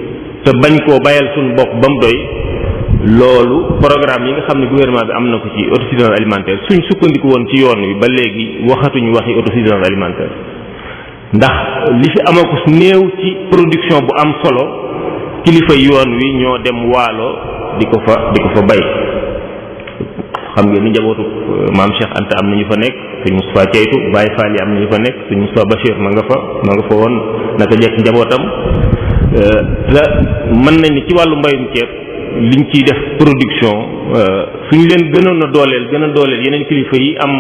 B: te bañ koo bayal suñu bopp ba mu doy loolu programme yi nga xam ne gouvernement bi am na ko ci autosuffisance alimentaire suñ sukkandiku woon ci yoon wi ba léegi waxatuñu waxi autosuffisance alimentaire ndax li fi amakus néew ci production bu am solo kilifa yoon wi ñoo dem waalo di ko fa di ko fa bay xam ngeen ni njabootu euh, maam Cheikh Anta am na ñu fa nekk suñ Moustapha Ceytu Baye Fall yi am na ñu fa nekk suñ Moustapha Bachir ma nga fa ma nga fa woon naka jekk njabootam te euh, mën nañ ni ci wàllu mbayum ceeb liñ ciy def production euh, suñ leen gënoon a dooleel gën dooleel yeneen kilifa yi am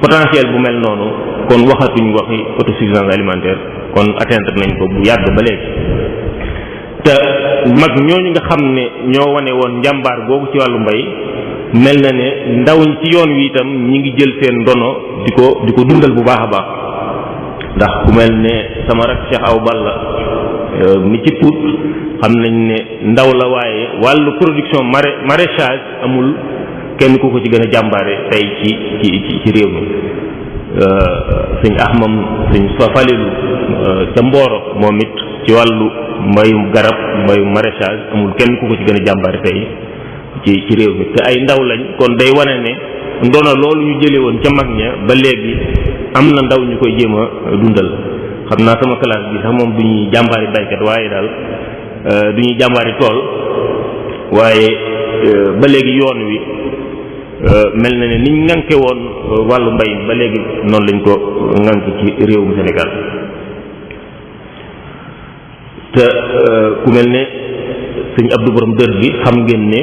B: potentiel bu mel noonu kon waxatuñ waxi autosuffisance alimentaire kon atteindre nañ ko bu yàgg ba léegi te mag ñooñu nga xam ne ñoo wane woon njàmbaar googu ci wàllu mbay mel na ne ndaw ñi ci yoon wi itam ñi ngi jël seen ndono di ko di ko dundal bu baax a baax ndax ku mel ne sama rak Cheikh Aw Balla Euh, mi ci puut xam nañ ne ndaw la waaye wàllu production mara maraîchage amul kenn ku ko ci gën a jàmbaare tey ci ci réew mi euh, sëñ Axmam sëñ Falilu euh, ca Mboro moom it ci wàllu mbayum garab mbayum maraîchage amul kenn ku ko ci gën a jàmbaare tey ci réew mi te ay ndaw lañ kon day wane ne ndono loolu ñu jëlee woon ca mag ña ba léegi am na ndaw ñu koy jéem a dundal xam naa sama classe bi sax moom duñuy ñuy jàmbaari baykat waaye daal euh, du ñuy jàmbaari tool waaye euh, ba léegi yoon wi euh, mel na ne niñ ŋànke woon wàllu mbay ba léegi noonu lañ ko ŋànk ci réewum Sénégal te ku mel ne ab du Borom dër bi xam ngeen ne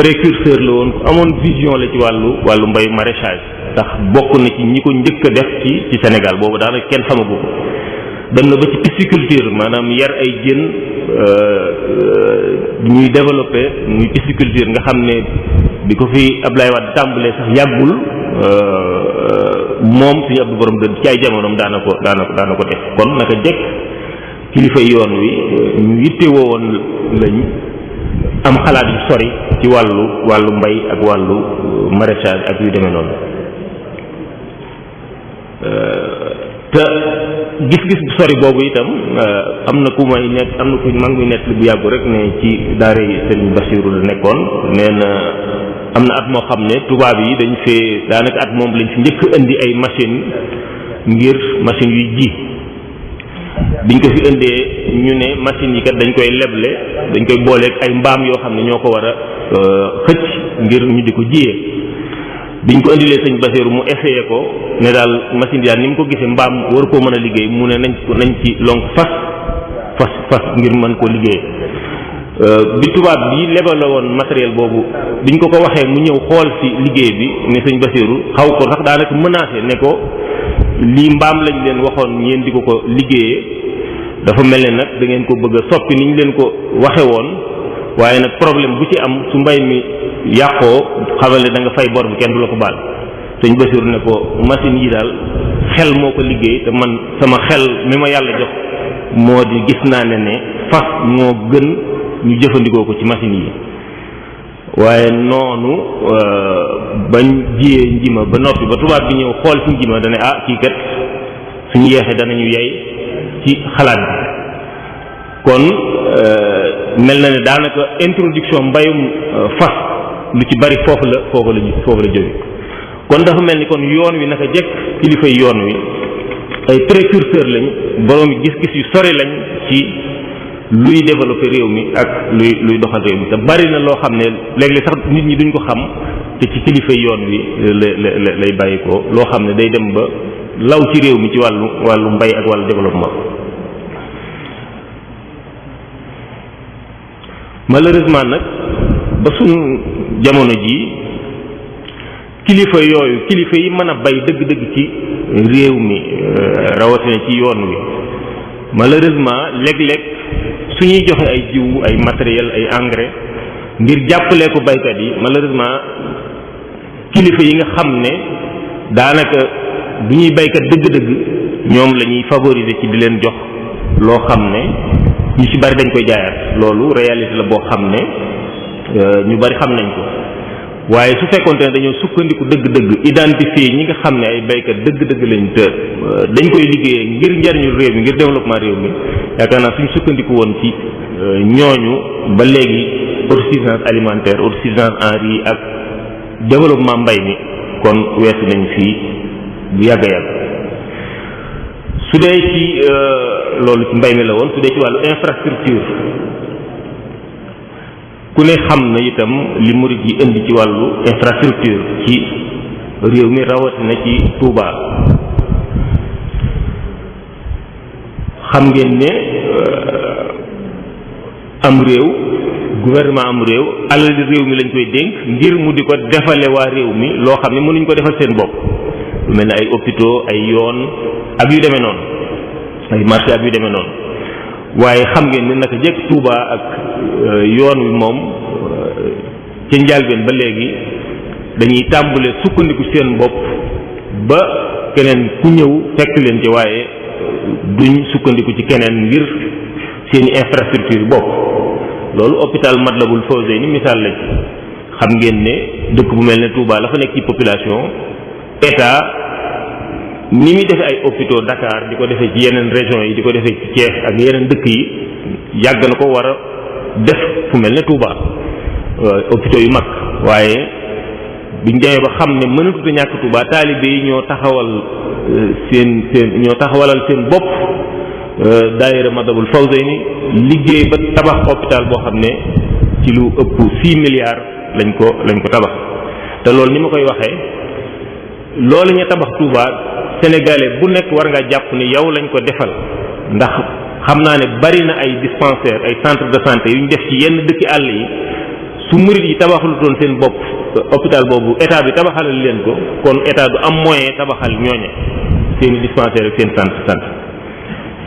B: précurseur la woon amoon vision la ci wàllu wàllu mbayu maraîchage tax bokk na ci ñi ko njëkk a def ci ci Sénégal boobu daanaka kenn xamagu ko dem na ba ci pisciculture maanaam yar ay jën euh, ñuy développé muy culture nga xam ne bi ko fi Ablaye Wade tàmbalee sax yàggul euh, moom suñu Abdou Borom dëdd ci ay jamonoom daana ko daana ko daana ko def kon naka jekk kilifa yoon wi euh, ñu yitte woon lañ am xalaat yu sori ci wàllu wàllu mbay ak wàllu maraîchage ak yu demee noonu te gis-gis bu sori boobu itam euh, am na ku may net am na ku mag muy net bu yàggu rek ne ci daara yi sëriñ Basiiru la nekkoon nee na am na at moo xam ne tubaab yi dañ fee daanaka at moom lañ fi njëkk indi ay machine ngir machine yuy ji biñ ko fi indee ñu ne machine yi kat dañ koy leble dañ koy booleeg ay mbaam yoo xam ne ñoo ko war a euh, xëcc ngir ñu di ko jiyee biñ ko indilee sëñ Basiiru mu essayé ko ne daal machine yaa ni mu ko gisee mbaam war koo mën a liggéey mu ne nañ ko nañ ci lonk fas fas fas ngir mën koo liggéey euh, bi tubaab bi lebale woon matériel boobu biñ ko ko waxee mu ñëw xool ci liggéey bi ne sëñ Basiiru xaw ko sax daanaka menacé ne ko lii mbaam lañ leen waxoon ñeen di ko ko liggéeyee dafa mel ne nag da ngeen ko bëgg a soppi ni ñu leen ko waxe woon waaye nag problème bu ci am su mbay mi yàqoo xamal ne da fay bor bi kenn du la ko bal sëñ Basiir ne ko machine yi daal xel moo ko liggéey te man sama xel mi ma yàlla jox moo di gis naa ne ne fas moo gën ñu jëfandikoo ko ci machine yi waaye noonu euh, bañ jiyee njima ba noppi ba tubaab bi ñëw xool ci njima dane ah kii kat suñu yeexee danañu yey ci xalaat bi kon euh, mel na ne daanaka introduction mbayum euh, fas lu ci bari foofu la foofu la foofu la jóge kon dafa mel ni kon yoon wi naka jekk kilifa yi yoon wi ay précurseur lañ boroomi gis-gis yu sori lañ ci luy développer réew mi ak luy luy doxal réew mi te bari na loo xam ne léeg-léeg sax nit ñi duñ ko xam te ci kilifa yoon wi la lay bàyyi ko loo xam ne day dem ba law ci réew mi ci wàllu wàllu mbay ak wàllu développement. malheureusement nag ba suñu jamono jii kilifa yooyu kilifa yi mën a bay dëgg-dëgg ci réew mi euh, rawatina ci yoon wi malheureusement léeg-léeg su ñuy joxe ay jiw ay matériel ay engrais ngir jàppale ko baykat yi malheureusement kilifa yi nga xam ne daanaka bu ñuy baykat dëgg-dëgg ñoom lañuy ñuy ci di leen jox loo xam ne ñu ci bari dañ koy jaayaat loolu réalité la boo xam ne Euh, ñu bari xam nañ ko waaye su fekkoonte ne dañoo sukkandiku dëgg-dëgg identifier ñi nga xam ne ay baykat dëgg-dëgg lañ te euh, dañ koy liggéeyee ngir njariñu réew mi ngir développement réew mi yaakaar naa suñ sukkandiku woon ci euh, ñooñu ba léegi autosuffisance alimentaire autosuffisance en riz ak développement mbay mi kon weesu nañ fii bu yàgg a yàgg su dee ci loolu ci mbay mi la woon su dee ci wàllu infrastructure ku ne xam na itam li murid yi indi ci wàllu infrastructure ci réew mi rawatina ci Touba xam ngeen ne euh, am réew gouvernement am réew alal réew mi lañ koy dénk ngir mu di ko defale waa réew mi loo xam ne mënuñ ko defal seen bopp lu mel ni ay hôpitaux ay yoon ak yu demee noonu ay marché ak yu demee noonu waaye xam ngeen ne naka jëkk Touba ak euh, yoon wi moom euh, ca njàlbeen ba léegi dañuy tàmbule sukkandiku seen bopp ba keneen ku ñëw fekk leen ci waaye euh, duñ sukkandiku ci keneen ngir seeni infrastructure bopp loolu hôpital Matlaboul Fawzayni misaal la ci xam ngeen ne dëkk bu mel ne Touba la fa nekk ci population état ni muy defee ay hôpitaux Dakar di ko defee ci yeneen régions yi di ko defee ci Thiès ak yeneen dëkk yi yàgg na ko war a def fu mel ne Touba euh, hôpitaux yu mag waaye biñ demee ba xam ne mënatut a ñàkk Touba taalibe yi ñoo taxawal euh, seen seen ñoo taxawalal seen bopp euh, daayira Madabul Fawzayni liggéey ba tabax hôpital boo xam ne ci lu ëpp 6 milliards lañ ko lañ ko tabax te loolu ni ma koy waxee loolu ñu tabax Touba. sénégalais bu nekk war nga jàpp ni yow lañ ko defal ndax xam naa ne bari na ay dispensaire ay centre de santé yu ñu def ci yenn dëkki àll yi su murit yi tabaxalu doon seen bopp hôpital boobu état bi tabaxalal leen ko kon état du am moyen tabaxal ñooñe seen dispensaire ak seen centre santé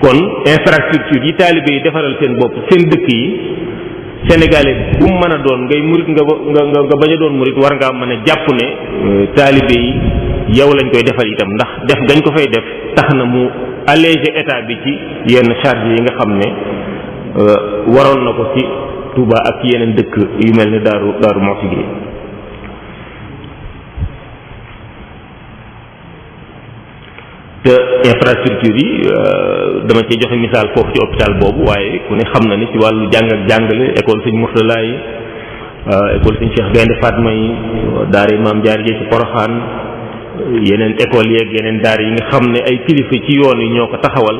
B: kon infrastructure yi taalibe yi defaral seen bopp seen dëkk yi sénégalais bu mu mën a doon ngay murit nga nga nga bañ a doon murit war ngaa mën a jàpp ne euh, taalibe yi yow lañ koy defal itam ndax def dañ ko fay def tax na mu alléger état bi ci yenn charge yi nga xam ne euh, waroon na ko ci Touba ak yeneen dëkk yu mel ni Daaru Daaru Muxti gi te infrastructure yi euh, dama cee joxe misaal foofu ci hôpital boobu waaye ku ne xam na ni ci wàllu jàng ak jàngale école sëñ Murtala yi euh, école sëñ Cheikh Gaynde Fatma yi daara Maam Jaara ji ci Poroxaan yeneen école yeeg yeneen daar yi nga xam ne ay kilifa ci yoon yi ñoo ko taxawal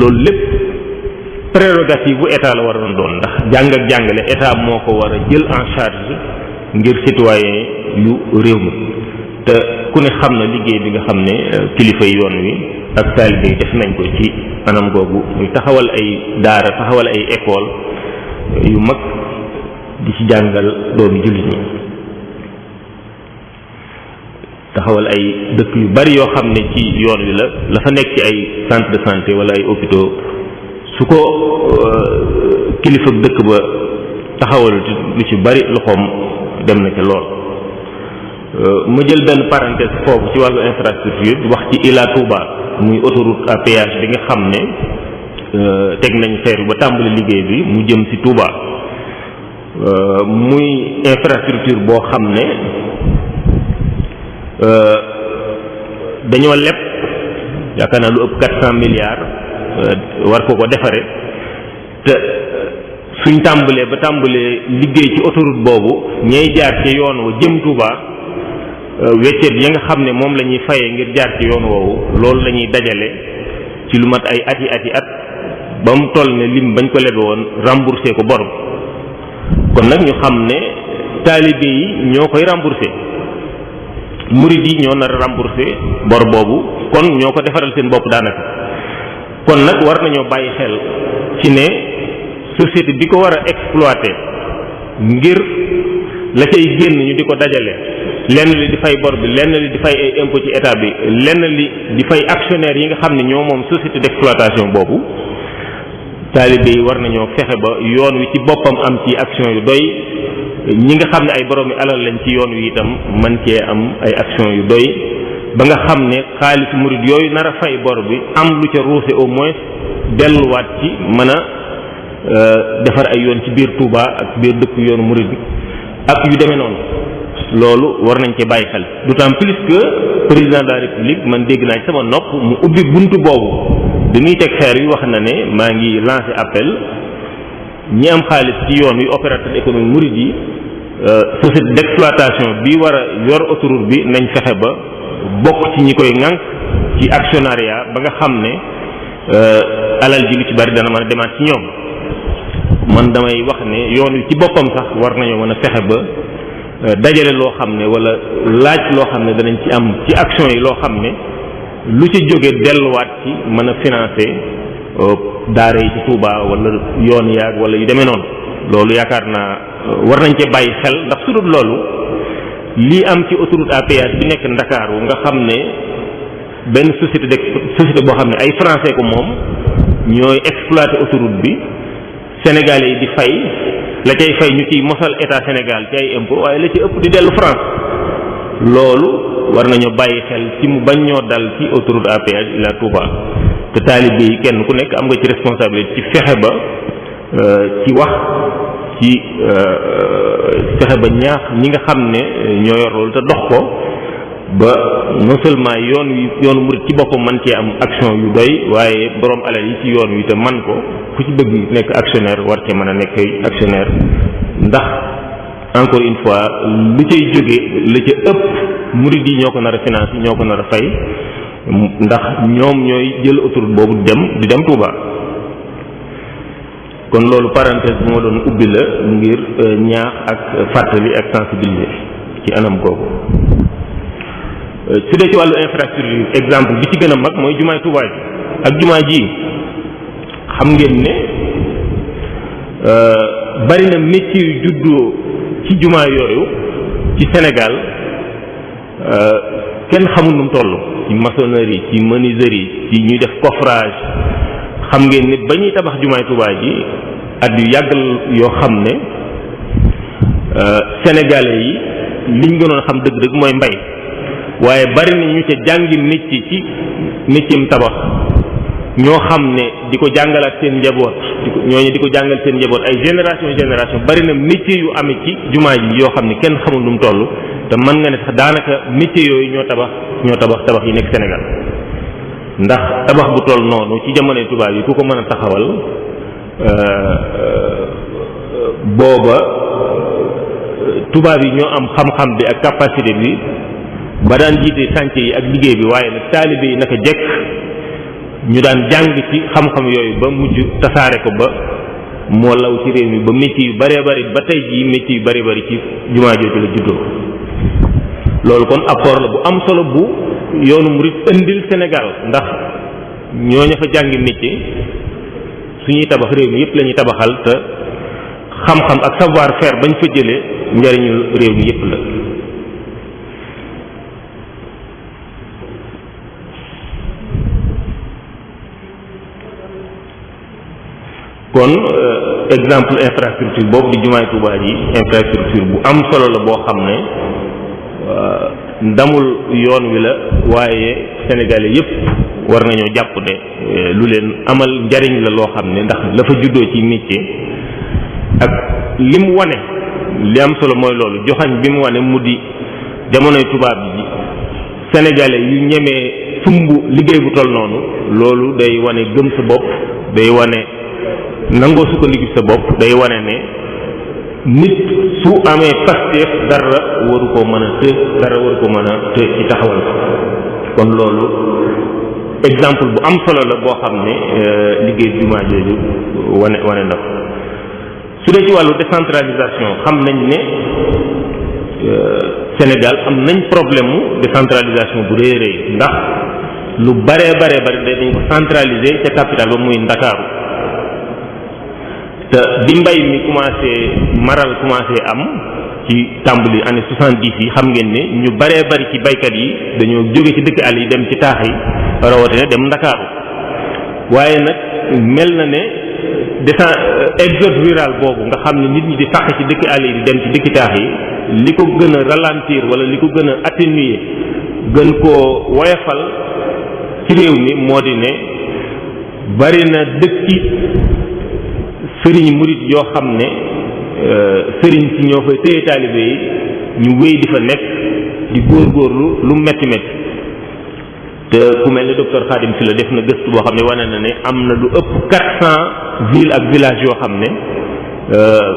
B: loolu lépp prérogative bu état la war a doon ndax jàng ak jàngale état moo ko war a jël en charge ngir citoyen yu réew mi te ku ne xam na liggéey bi nga xam ne euh, kilifa yoon wi ak taalibe yi def nañ ko ci anam googu muy taxawal ay daara taxawal ay école euh, yu mag di ci jàngal doomi jullit ñi taxawal ay dëkk yu bari yoo xam ne ci yoon wi la la fa nekk ci ay centre de santé wala ay hôpitaux su ko euh, kilifa dëkk ba taxawal lu ci bari loxoom dem na ci lool. Euh, ma jël benn parenthèse foofu ci wàllu infrastructure wax ci Ila Touba muy autoroute à bi nga xam ne euh, teg nañ xeer ba tàmbali liggéey bi mu jëm si Touba muy infrastructure boo xam ne. Euh, dañoo leb yaakaar naa lu ëpp quatre euh, war koo ko defaree te euh, suñ tàmbalee ba tàmbalee liggéey ci autoroute boobu ñay jaar ci yoon wu jëm Touba weccet ya nga xam ne moom la ñuy fayee ngir jaar ci yoon woowu loolu lañuy dajale ci lu mat ay at yi at yi at ba mu toll ne lim bañ ko lebe woon remboursé ko borom bi kon nag ñu xam ne taalibe yi ñoo koy remboursé murid yi ñoo nar a bor boobu kon ñoo ko defaral seen bopp daanaka kon nag war nañoo bàyyi xel ci ne société bi ko war a exploité ngir la cay génn ñu di ko dajale lenn li di fay bor bi lenn li di fay ay ci état bi lenn li di fay actionnaire yi nga xam ne ñoo moom société d'exploitation boobu taalibe war nañoo fexe ba yoon wi ci boppam am ci action yu doy ñi nga xam ne ay borom yi alal lañ ci yoon wi itam man cee am ay action yu doy ba nga xam ne xaalisu murid yooyu nar a fay bor bi am lu ca ruuse au moins delluwaat ci mën a euh, defar ay yoon ci biir Touba ak biir dëkk yoonu murid bi ak yu demee noonu loolu war nañ cee bàyyi xel d'autant plus que président de république man dégg naa ci sama nopp mu ubbi bunt boobu bi muy teg xeer wi wax na ne maa ngi lancé appel ñi am xaalis ci yoon wi opérateur économique murid yi Euh, société d'exploitation bi war a yor autoroute bi nañ fexe ba bokk ci ñi koy ŋànk ci actionnariat ba nga xam ne euh, alal ji lu ci bari dana mën a demaat ci ñoom man damay wax ne yoon wi ci boppam sax war nañoo mën a fexe ba euh, dajale loo xam ne wala laaj loo xam ne danañ ci am ci action yi loo xam ne lu ci jóge delluwaat ci mën a financer daara yi ci Touba wala yoon yàgg wala yu demee noonu loolu yaakaar naa euh, war nañ cee bàyyi xel ndax su loolu lii am ci autoroute à bi nekk ndakaaru nga xam ne benn société de société boo xam ne ay français ko moom ñooy exploiter autoroute bi sénégalais yi di fay la cay fay ñu ciy mosal état Sénégal ci ay impôt waaye la ci ëpp di dellu France loolu war nañoo bàyyi xel ci mu bañ ñoo dal ci autoroute à péage Ila Touba te taalibe yi kenn ku nekk am nga ci responsabilité ci fexe ba ci wax ci euh, fexe ba ñaax ñi nga xam ne ñoo yor loolu te dox ko ba non yoon wi yoonu murit ci boppam man cee am action yu doy waaye borom alal yi ci yoon wi te man ko ku ci bëgg nekk actionnaire war cee mën a nekk actionnaire ndax encore une fois lu cay jóge la ëpp murit yi ñoo ko nar a financé ñoo ko nar a fay ndax ñoom ñooy jël autoroute boobu dem di dem Touba. kon loolu parenthèse bi ma doon ubbi la ngir euh, ñaax ak fàttali ak sensibiliser ci anam kooku euh, su dee ci wàllu infrastructure exemple bi ci gën a mag mooy jumaay Tuubaa ji ak jumaa ji xam ngeen ne euh, bari na métier yu juddoo ci jumaa yooyu ci Sénégal kenn xamul nu mu toll ci maçonnerie ci menuiserie ci ñuy def coffrage xam ngeen ni ba ñuy tabax jumaay Tuubaa ji at yu yàgg yoo xam ne euh, sénégalais yi liñ gënoon xam dëgg-dëgg mooy mbay waaye bari na ñu ca jàngi métier ci métieram tabax ñoo xam ne di ko jàngalaat seen njaboot di ko ñooñu di ko jàngal seen njaboot ay génération génération bari na métier yu amee ci jumaa ji yoo xam ne kenn xamul lu mu toll te mën nga ne sax daanaka métier yooyu ñoo tabax ñoo tabax tabax yi nekk Sénégal ndax tabax bu toll noonu ci jamonoy tubaab yi ku ko mën a taxawal euh, euh, booba euh, tubaab yi ñoo am xam-xam bi ak capacité bi ba daan jiite sànce yi ak liggéey bi waaye nag taalibe yi naka jekk ñu daan jàng ci xam-xam yooyu ba mujj tasaare ko ba moo law ci réew mi ba métier yu bëree bëri ba tey jii métier yu bëree bëri ci jumaa jooju la juddoo loolu kon apport la bu am solo bu yoonu murid indil Sénégal ndax ñoo fa jàngi métier suñuy tabax réew mi yëpp la ñuy tabaxal te xam-xam ak savoir faire bañ fa jëlee njariñu réew mi yëpp la kon euh, exemple infrastructure boobu di jumaay Tuubaa ji infrastructure bu am solo la boo xam ne euh, ndamul yoon wi la waaye sénégalais yépp war nañoo jàpp ne eh, lu leen amal njariñ la loo xam ne ndax la fa juddoo ci métier ak lim wane li am solo mooy loolu joxañ bi mu wane mu di jamonoy tubaab yi sénégalais yu ñemee sumb liggéey bu toll noonu loolu day wane gëm sa bopp day wane nangoo sukkandiku sa bopp day wane ne nit su amee pasteef dara waru koo mën a të dara waru ko mën a të ci taxawal ko kon loolu exemple bu am solo la boo xam ne euh, liggéey jumaa jooju wane wane na ko su dee ci wàllu décentralisation xam nañ ne euh, Sénégal am nañ problème mu décentralisation bu rëy rëy ndax lu bare bare bare dañ ko centraliser ca capital ba muy Ndakaaru te bi mbay mi commencé maral commencé am ci tàmbali année soixante-dix yi xam ngeen ni ñu baree bari ci baykat yi dañoo jóge ci dëkk àll yi dem ci taax yi rawatina dem ndakaaru waaye nag mel na ne descend euh, exode rural boobu nga xam ne nit di fàq ci dëkk àll yi di dem ci taax yi li ko gën a ralentir wala li ko gën a gën ko woyafal ci réew mi moo di ne bari dëkki sëriñ murit yoo xam ne euh, sëriñ si ñoo fay téye taalibe yi ñu wéy di fa nekk di góorgóorlu lu metti metti te ku mel ni docteur Khadim si la def na gëstu boo xam ne wane na ne am na lu ëpp quatre cent ak villages yoo xam ne euh,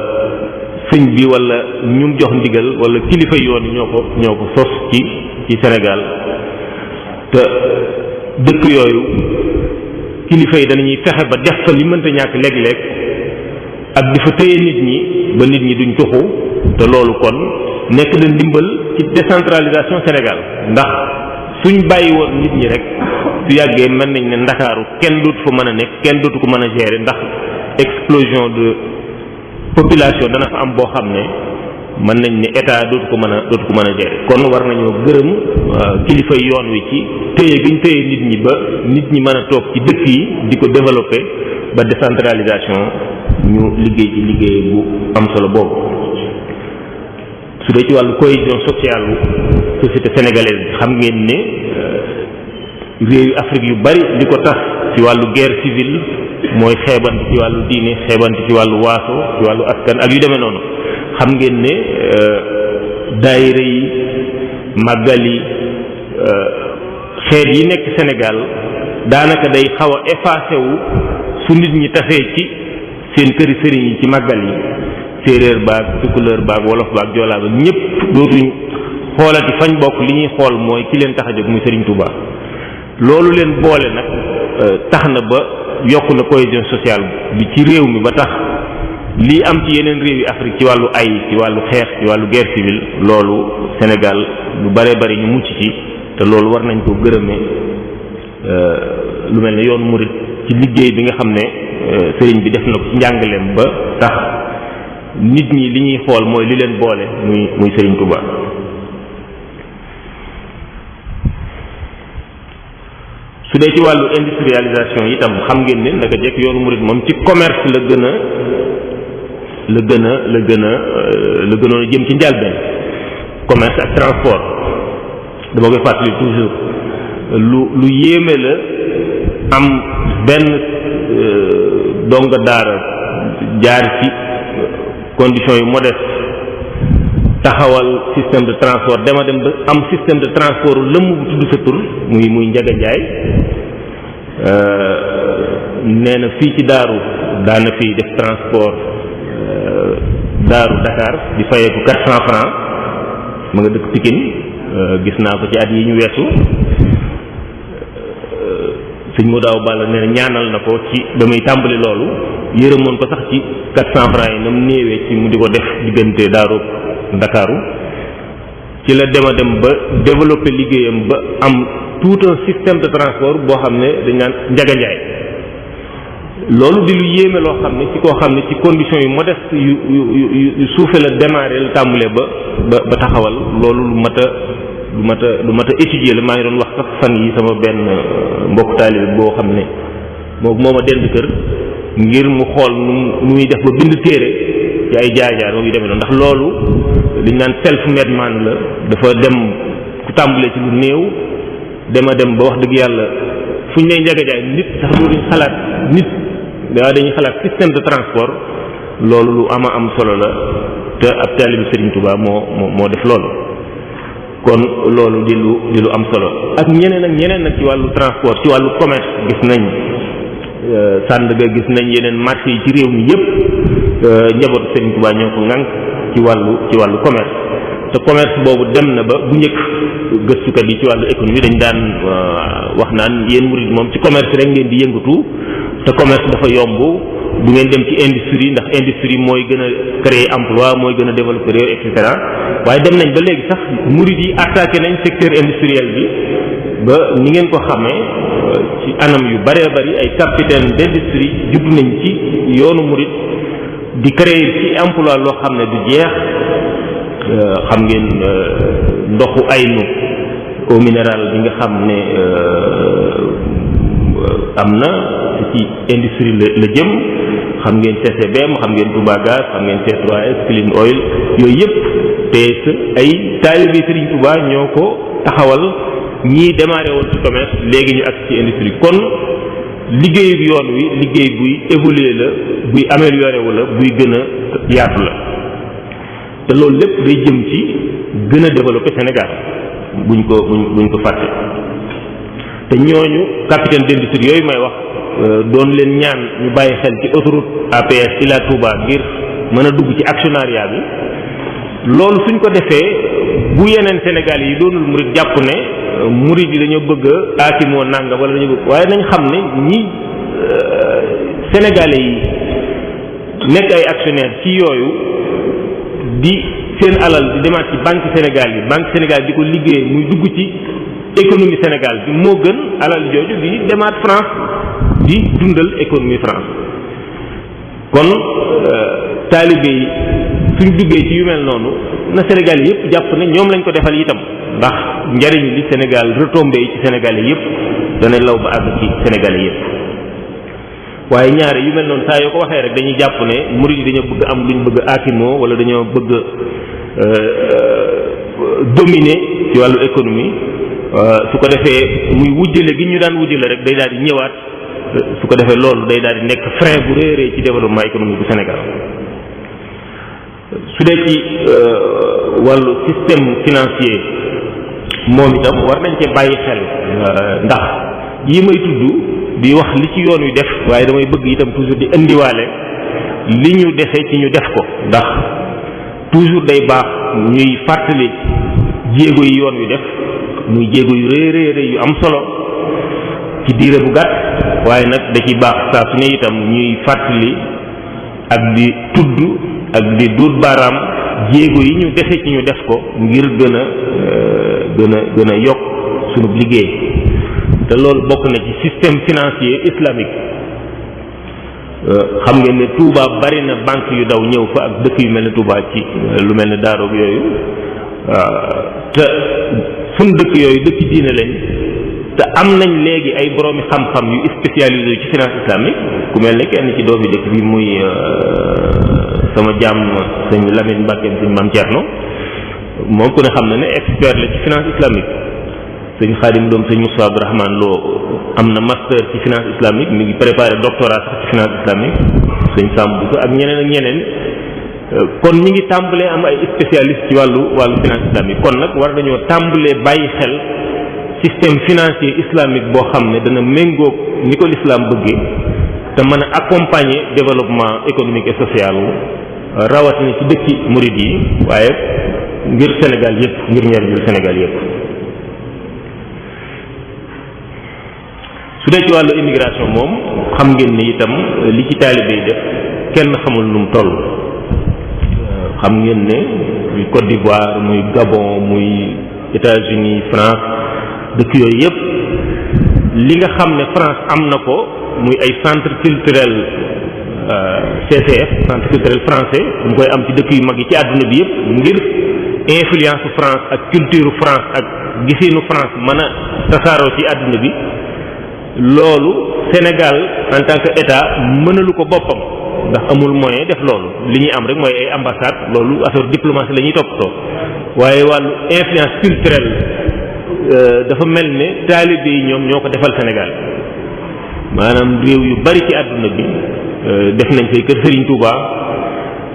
B: sëñ bi wala ñum jox ndigal wala kilifa yoon yi ñoo ko ñoo ko sos ci ci Sénégal te dëkk yooyu kilifa yi danañuy fexe ba def fa li ñàkk léeg-léeg ak di fa nit ñi ba nit ñi duñ tuxu te loolu kon nekk na ndimbal ci décentralisation Sénégal ndax suñ bàyyi woon nit ñi rek su yàggee mën nañ ne ndakaaru kenn dootu fa mën a nekk kenn dootu ko mën a gérer ndax explosion de population dana fa am boo xam ne mën nañ ne état dootu ko mën a dootu ko mën a gérer kon war nañoo gërëm euh, kilifa yoon wi ci téye bi ñu nit ñi ba nit ñi mën a toog ci dëkk yi di ko développer ba décentralisation ñu liggéey ci liggéey bu am solo boobu su dee ci wàllu cohésion sociale société sénégalaise xam ngeen ne euh, réew yu Afrique yu bari di ko tax ci wàllu guerre civile mooy xeebante ci wàllu diine xeebante ci wàllu waaso ci wàllu askan ak yu demee noonu xam ngeen ne euh, daayira yi màggal yi euh, xeet yi nekk Sénégal daanaka day xaw a effacé wu su nit ñi tasee ci seen këri sëriñ yi ci màggal yi séeréer baag tukulóor baag wolof baag joolaa baag ñëpp dootuñ xoolati fañ bokk li ñuy xool mooy ki leen tax a jóg muy sëriñ Touba loolu leen boole nag euh, tax na ba yokk na cohésion sociale bi ci réew mi ba tax li am ci yeneen réew yi Afrique ci wàllu ay ci wàllu xeex ci wàllu guerre civile loolu Sénégal lu bare bari ñu mucc ci te loolu war nañ ko gërëme euh, lu mel ne yoonu murit ci liggéey bi nga xam ne euh, sëriñ bi def na ko ci njàngaleem ba tax nit ñi li ñuy xool mooy li leen boole muy muy sëriñ Touba. su dee ci wàllu industrialisation itam xam ngeen ne naka jekk yoonu mu moom ci commerce la gën a la gën a la gën a euh, la gënoon a jëm ci njàlbeen commerce ak transport dama koy fàttali toujours lu lu yéeme la am benn euh, donga daara jaar ci euh, conditions yu modeste taxawal système de transport dema dem ba am système de transport lëmm bu tudd sa muy muy njaga njaay euh, nee na fii ci daaru daana fi def transport daaru Dakar di fayeeku 400 francs ma nga dëkk Pikine gis naa ko ci at yi ñu weesu sëñ mu daaw bàll nee ñaanal na ko ci ba tàmbali loolu yërëmoon ko sax ci 400 francs yi nam néewee ci mu di ko def diggante daaru ndakaaru ci la dema dem ba développé liggéeyam ba am tout un système de transport boo xam ne dañ naan njaga njaay loolu di lu yéeme loo xam ne ci koo xam ne ci condition yu modeste yu yu yu suufe la démarré la ba ba ba taxawal loolu lu mat lu mat a lu mat a étudier la maa ngi doon wax sax fan yi sama benn euh, mbokk taalibe boo xam ne moom moo ma dend kër mu xool muy def ba bind téere ay jaar-jaar moom yu demee ndax loolu liñ naan self-made la dafa dem ku tàmbalee ci lu néew dema dem ba dëgg yàlla fu ñu lay njagajaay nit sax duñu xalaat xalaat système transport loolu lu ama am solo la te ab taalibe Serigne Touba moo moo moo def loolu kon loolu di lu di lu am solo ak ñeneen ak ñeneen nag ci wàllu transport ci wàllu commerce gis nañ euh, Sandaga gis nañ yeneen marché yi ci réew mi yëpp euh, njabootu Serigne Touba ñoo ko ŋànk ci wàllu ci wàllu commerce te commerce boobu dem na ba bu njëkk gëstukat yi ci wàllu économie dañ daan euh, wax naan yéen murid moom ci commerce rek ngeen di yëngatu te commerce dafa yomb. bu ngeen dem ci industrie ndax industrie mooy gën a créer emploi mooy gën a développer réew et waaye dem nañ ba léegi sax murid yi attaqué nañ secteur industriel bi ba ni ngeen ko xamee euh, ci anam yu bëree bëri ay capitaine d'industrie jublu nañ ci yoonu murid di créer ci emploi loo xam ne du jeex euh, xam ngeen euh, ndoxu ay eau minérale bi nga xam ne am na ci industrie la la jëm xam ngeen TCBM xam ngeen Touba Gaz xam ngeen T3S Clean Oil yooyu yëpp te ay taalibe Serigne Touba ñoo ko taxawal ñii démarré woon ci commerce léegi ñu ak ci industrie kon liggéeyu yoon wi liggéey buy évoluer la buy amélioré wu la buy gën a yaatu la te loolu lépp day jëm ci gën a développé Sénégal buñ ko buñ buñ ko fàtte te ñooñu capitaine d'industrie yooyu may wax Euh, doon leen ñaan ñu bàyyi xel ci autoroute APS Ila Touba ngir mën a dugg ci actionnariat bi loolu suñ ko defee bu yeneen Sénégal yi doonul murid jàpp ne euh, murid yi dañoo bëgg a aatimoo nangam wala dañoo bëgg waaye nañ xam ne ñi euh, Sénégalais yi nekk ay actionnaire ci yooyu di seen alal di demaat ci banque Sénégal yi banque Sénégal di ko liggéey muy dugg ci économie Sénégal bi moo gën alal jooju di demaat France di dundal économie France kon euh, taalibe suñ duggee ci yu mel noonu na Sénégal yëpp jàpp ne ñoom lañ ko defal itam ndax njariñ li Sénégal retombé yi ci Sénégal yëpp dana law ba àgg ci Sénégal yëpp waaye ñaare yu mel noonu saa yoo ko waxee rek dañuy jàpp ne murid yi dañoo bëgg am luñ bëgg aakimoo wala dañoo bëgg euh, dominer ci wàllu économie euh, su ko defee muy wujjale gi ñu daan wujjale rek day daal di ñëwaat. su ko defee loolu day daal di nekk frein bu réeree ci développement économique bu Sénégal su dee ci euh, wàllu système financier moom itam war nañ cee bàyyi xel euh, ndax yi may tudd di wax li ci yoon wi def waaye damay bëgg itam toujours di indiwaale li ñu dese ci ñu def ko ndax toujours day baax ñuy fàttali jéego yi yoon wi def muy jéego yu réy réy yu am solo ci diire bu gàtt waaye nag da ci baax saa su ne itam ñuy fàttali ak di tudd ak di duut baaraam jéego yi ñu dese ci ñu def ko ngir gën a euh, gën a gën a yokk sunub liggéey te loolu bokk na ci système financier islamique euh, xam ngeen ne Touba bari na banque yu daw ñëw fa ak dëkk yu mel ne Touba ci euh, lu mel ni Daaroog yooyu te suñ dëkk yooyu dëkk diine lañ te am nañ léegi ay boroomi xam-xam yu spécialisé ci finance islamique ku mel ne kenn ci doomi dëkk bi muy euh, sama jàmm sëñ Lamine Mbacke sëñ Mame Thierno moom ku ne xam na ne expert la ci finance islamique sëñ Xaadim doom sëñ Moussa Abdourahmane Lo am na master ci finance islamique mi ngi prépare doctorat sax ci finance islamique sëñ Samb Bousso ak ñeneen ak ñeneen euh, kon ñu ngi tàmbalee am ay spécialiste ci wàllu wàllu finance islamique kon nag war nañoo tàmbalee bàyyi xel système financier islamique boo xam ne dana méngoog ni ko l'islam bëggee te mën a accompagner développement économique et social rawatina ci dëkki murid yi waaye ngir Sénégal yépp ngir njariñul Sénégal yépp su dee ci wàllu immigration moom xam ngeen ni itam li ci taalibe yi def kenn xamul nu toll xam ngeen muy Côte d'Ivoire muy Gabon muy États-Unis France dëkk yooyu yëpp li nga xam ne France am na ko muy ay centre culturel euh, CCF centre culturel français mu koy am ci dëkk yu mag yi ci àdduna bi yëpp ngir influence France ak culture France ak giseenu France mën a tasaaroo ci àdduna bi loolu Sénégal en tant que état mënalu ko boppam ndax amul moyen def loolu li ñuy am rek mooy ay ambassade loolu affaire diplomatie la ñuy toppatoo waaye wàllu influence culturelle Euh, dafa mel ni taalibe yi ñoom ñoo ko defal Sénégal maanaam réew yu bari ci àdduna bi euh, def nañ fay kër Serigne Touba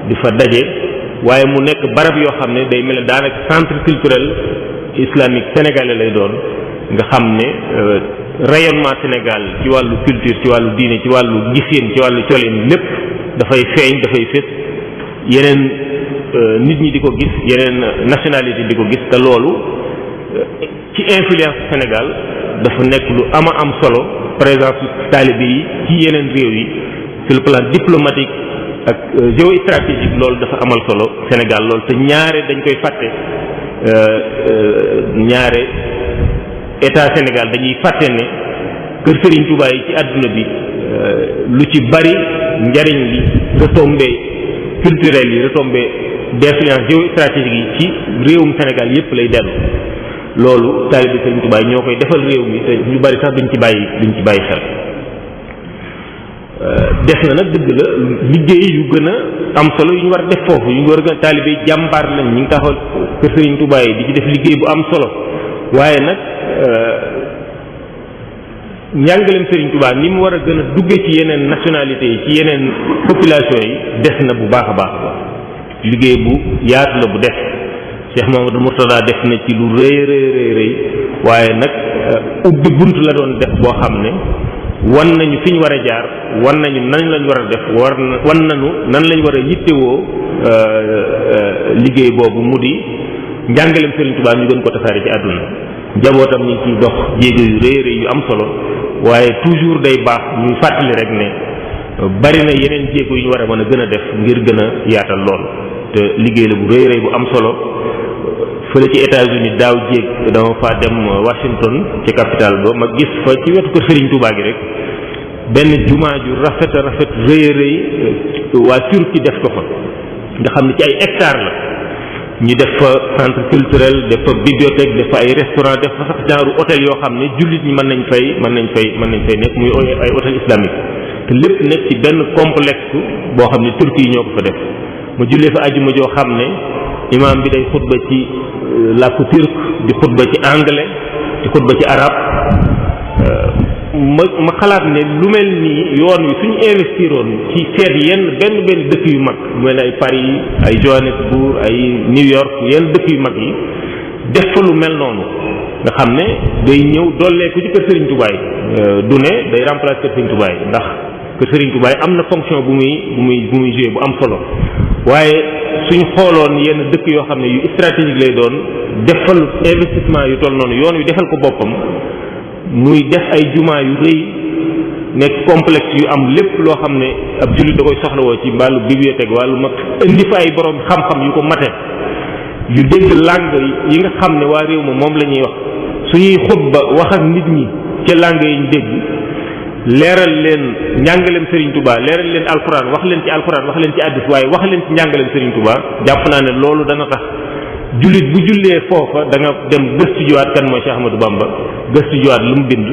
B: di fa daje waaye mu nekk barab yoo xam ne day mel ni daanak centre culturel islamique sénégalais lay doon nga xam ne euh, rayonnement Sénégal ci wàllu culture ci wàllu diine ci wàllu giseen ci wàllu coleen lépp dafay feeñ dafay fés yeneen nit ñi di ko gis yeneen nationalité di ko gis te loolu ci influence Sénégal dafa nekk lu ama am solo présence taalibe yi ci yeneen réew yi sur le plan diplomatique ak euh, géostratégique loolu dafa amal solo Sénégal loolu te ñaare dañ koy fàtte euh, euh, ñaare état Sénégal dañuy fàtte ne kër Serigne Touba yi ci àdduna bi lu ci bari njariñ li retombées culturelles yi retombées d'influence géostratégique yi ci réewum Sénégal yépp lay dellu loolu taalibe Sëriñ Tuubaa ñoo koy defal réew mi te ñu bari sax duñ ci bàyyi duñ ci bàyyi xel euh, des na nag dëgg la liggéey yu gën a am solo yu ñu war a def foofu yu ñu war a gën a taalibe jàmbaar lañ ñu ngi taxawal kër Sëriñ Tuubaa yi di ci def liggéey bu am solo waaye nag euh, njàngaleem Sëriñ Tuubaa ni mu war a gën a duggee ci yeneen nationalité yi ci yeneen population yi des na bu baax a baax a liggéey bu yaatu la bu def Cheikh Mamadou Mourtada def na ci lu rëy rëy rëy waaye nag euh, ubbi bunt la doon def boo xam ne wan nañu fi ñu war a jaar wan nañu nan lañ war a def war wan nañu nan lañ war a yittewoo euh, euh, liggéey boobu mu di njàngaleem Serigne Touba ñu gën ko tasaare ci àdduna jabootam ñu ngi ciy dox jéego yu rëy rëy yu am solo waaye toujours day baax ñuy fàttali rek ne bari na yeneen jéego yu ñu war a mën a gën a def ngir gën a yaatal lool te liggéey la bu rëy rëy bu am solo fële ci États-Unis daaw jéeg dama fa dem Washington ci capital ba ma gis fa ci wetu ko Serigne Touba gi rek benn jumaa ju rafet a rafet rëy a rëy euh, waa Turquie def ko fa nga xam ne ci ay hectares la ñu def fa centre culturel def fa bibliothèque def fa ay restaurant def fa sax genre hôtel yoo xam ne jullit ñi mën nañ fay mën nañ fay mën nañ fay nekk muy ay hôtel islamique te lépp nekk ci benn complexe boo xam ne Turquie yi ñoo ko fa def ma jullee fa àjjuma joo ne imaam bi day xutba ci euh, làkku turc di xutba ci anglais di xutba ci arab euh, ma ma xalaat ne lu mel nii yoon wi suñu investiroon ci seet yenn benn benn dëkk yu mag lu mel ne ay Paris ay Johannesburg ay New York yenn dëkk yu mag yi def fa lu mel noonu nga xam ne day ñëw dolleeku ci kër Serigne Touba euh, du ne day remplacer kër Serigne Touba ndax kër Serigne Touba am na fonction bu muy bu muy bu muy jouer bu am solo waaye suñ xooloon yenn dëkk yoo xam ne yu stratégique lay doon defal investissement yu toll noonu yoon wi defal ko boppam muy def ay jumaa yu rëy nekk complexe yu am lépp loo xam ne ab jullit da koy woo ci wàllu bibliothèque wàllu mag indi fa ay borom xam-xam yu ko mate yu dégg langue yi nga xam ne waa réew ma moom la ñuy wax suñuy xutba wax ak nit ñi ca langue yi ñu dégg leeral leen njàngaleem Serigne tubaa leeral leen alxuraan wax leen ci alxuraan wax leen ci addis waaye wax leen ci njàngaleem Serigne Touba jàpp naa ne loolu dana tax jullit bu jullee foofa da nga dem gëstu jiwaat kan mooy Cheikh Ahmadou Bamba gëstu jiwaat lu mu bind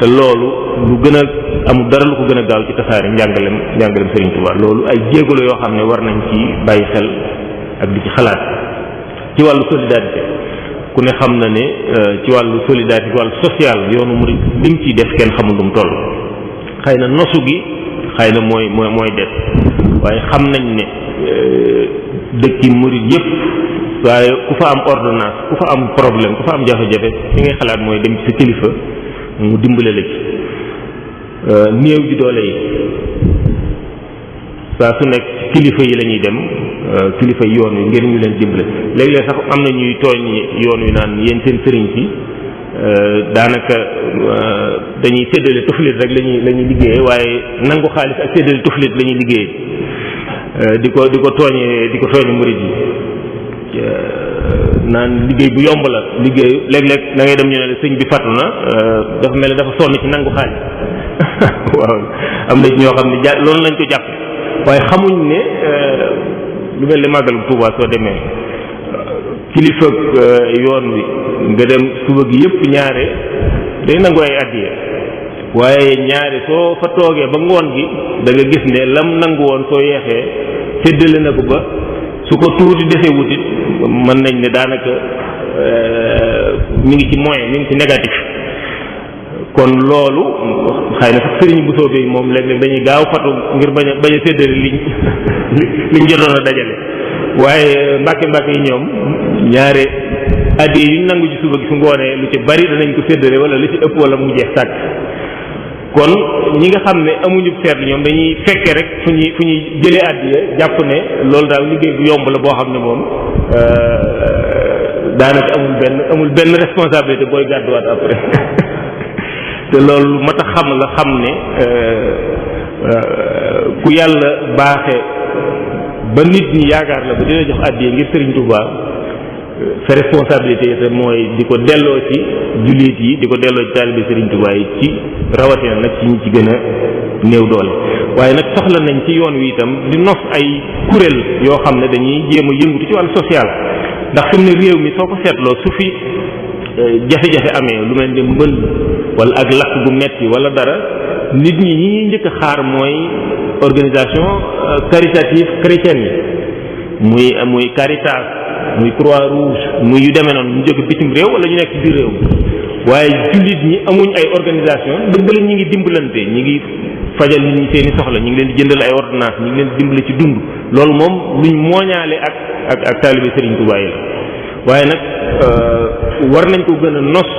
B: te loolu lu gën a amul dara lu ko gën a gaaw ci tasaare njàngaleem njàngaleem Serigne Touba loolu ay jéego la yoo xam ne war nañ ci bàyyi xel ak di ci xalaat ci wàllu solidarité ku ne xam na ne euh, ci wàllu solidarité ci social yoonu murid li mu ciy def kenn xamul lu mu toll. xëy na nosu gi xëy na mooy mooy mooy des waaye xam nañ ne euh, dëkki murit yépp waaye ku fa am ordonnance ku fa am problème ku fa am jafe-jafe fi ngay xalaat mooy dem ci kilifa mu dimbale la ci euh, néew ji doole yi saa su nekk kilifa yi la ñuy dem euh, kilifa yi yoon wi ngir ñu leen dimbale léeg-léeg sax am na ñuy tooñ yoon wi naan yéen seen sëriñ si Euh, daanaka euh, dañuy séddale tuflit rek lañuy la ñuy waaye nangu xaalis ak séddale tuflit la ñuy euh, di ko di ko tooñee di ko tooñe murid yi naan liggéey bu yomb la liggéey léeg-léeg da dem ñu ne sëñ bi fàttu na dafa mel dafa sonn ci nangu xaalis *laughs* waaw am na ñoo xam ne ja loolu lañ ko jàpp waaye xamuñ ne lu mel ni màggal Tuubaa soo demee kilifa eh, yoon wi nga dem suba gi yëpp ñaare day nangu ay addiya waaye ñaari soo fa toogee ba ngoon gi da gis ne lam nangu woon soo yeexee séddale na ko ba su ko tuuti dese wutit mën nañ ne daanaka eh, mu ngi ci moyen mu ngi ci négatif kon loolu xëy na sax sëriñ bu soobee moom léeg dañuy gaaw fatu ngir bañ a bañ a séddale liñ *laughs* liñ jotoon a dajale waaye euh, mbàkke mbàkke yi ñoom ñaare addi yi ñu nangu ci suba gi ngoonee lu ci bari danañ ko séddale wala lu ci ëpp wala mu jeex kon ñi nga xam ne amuñu seetlu ñoom dañuy fekke rek fu ñuy fu ñuy jëlee addiya jàpp ne loolu daal liggéey bu yomb la boo xam ne moom euh, daanaka amul benn amul benn responsabilité booy gàdduwaat après *laughs* te loolu mat a xam la xam ne euh, ku yàlla baaxe ba nit ñi yaakaar la ba dina jox àddiya ngir Serigne Touba sa responsabilité te mooy di ko delloo ci jullit yi di ko delloo ci taalibe Serigne Touba yi ci rawatina nag ci ñi ci gën a néew doole. waaye nag soxla nañ ci yoon wi itam di nos ay kuréel yoo xam ne dañuy jéem a yëngutu ci wàllu social ndax fi ne réew mi soo ko seetloo su fi eh, jafe-jafe amee lu mel ni mbënd wala ak lakk bu metti wala dara. nit ñi ñi ñuy njëkk xaar mooy organisation euh, caritative chrétienne yi muy muy Caritas muy Croix Rouge muy yu demee noonu ñu jóge bitim réew wala ñu nekk ci biir réew waaye jullit ñi amuñ ay organisation dëgg ñi ngi dimbalante ñi ngi fajal nit ñi seeni soxla ñu ngi leen di jëndal ay ordonnance ñu ngi leen di ci dund loolu moom luñ mooñaale ak ak ak taalibe Serigne Touba la waaye nag euh, war nañ ko gën a nos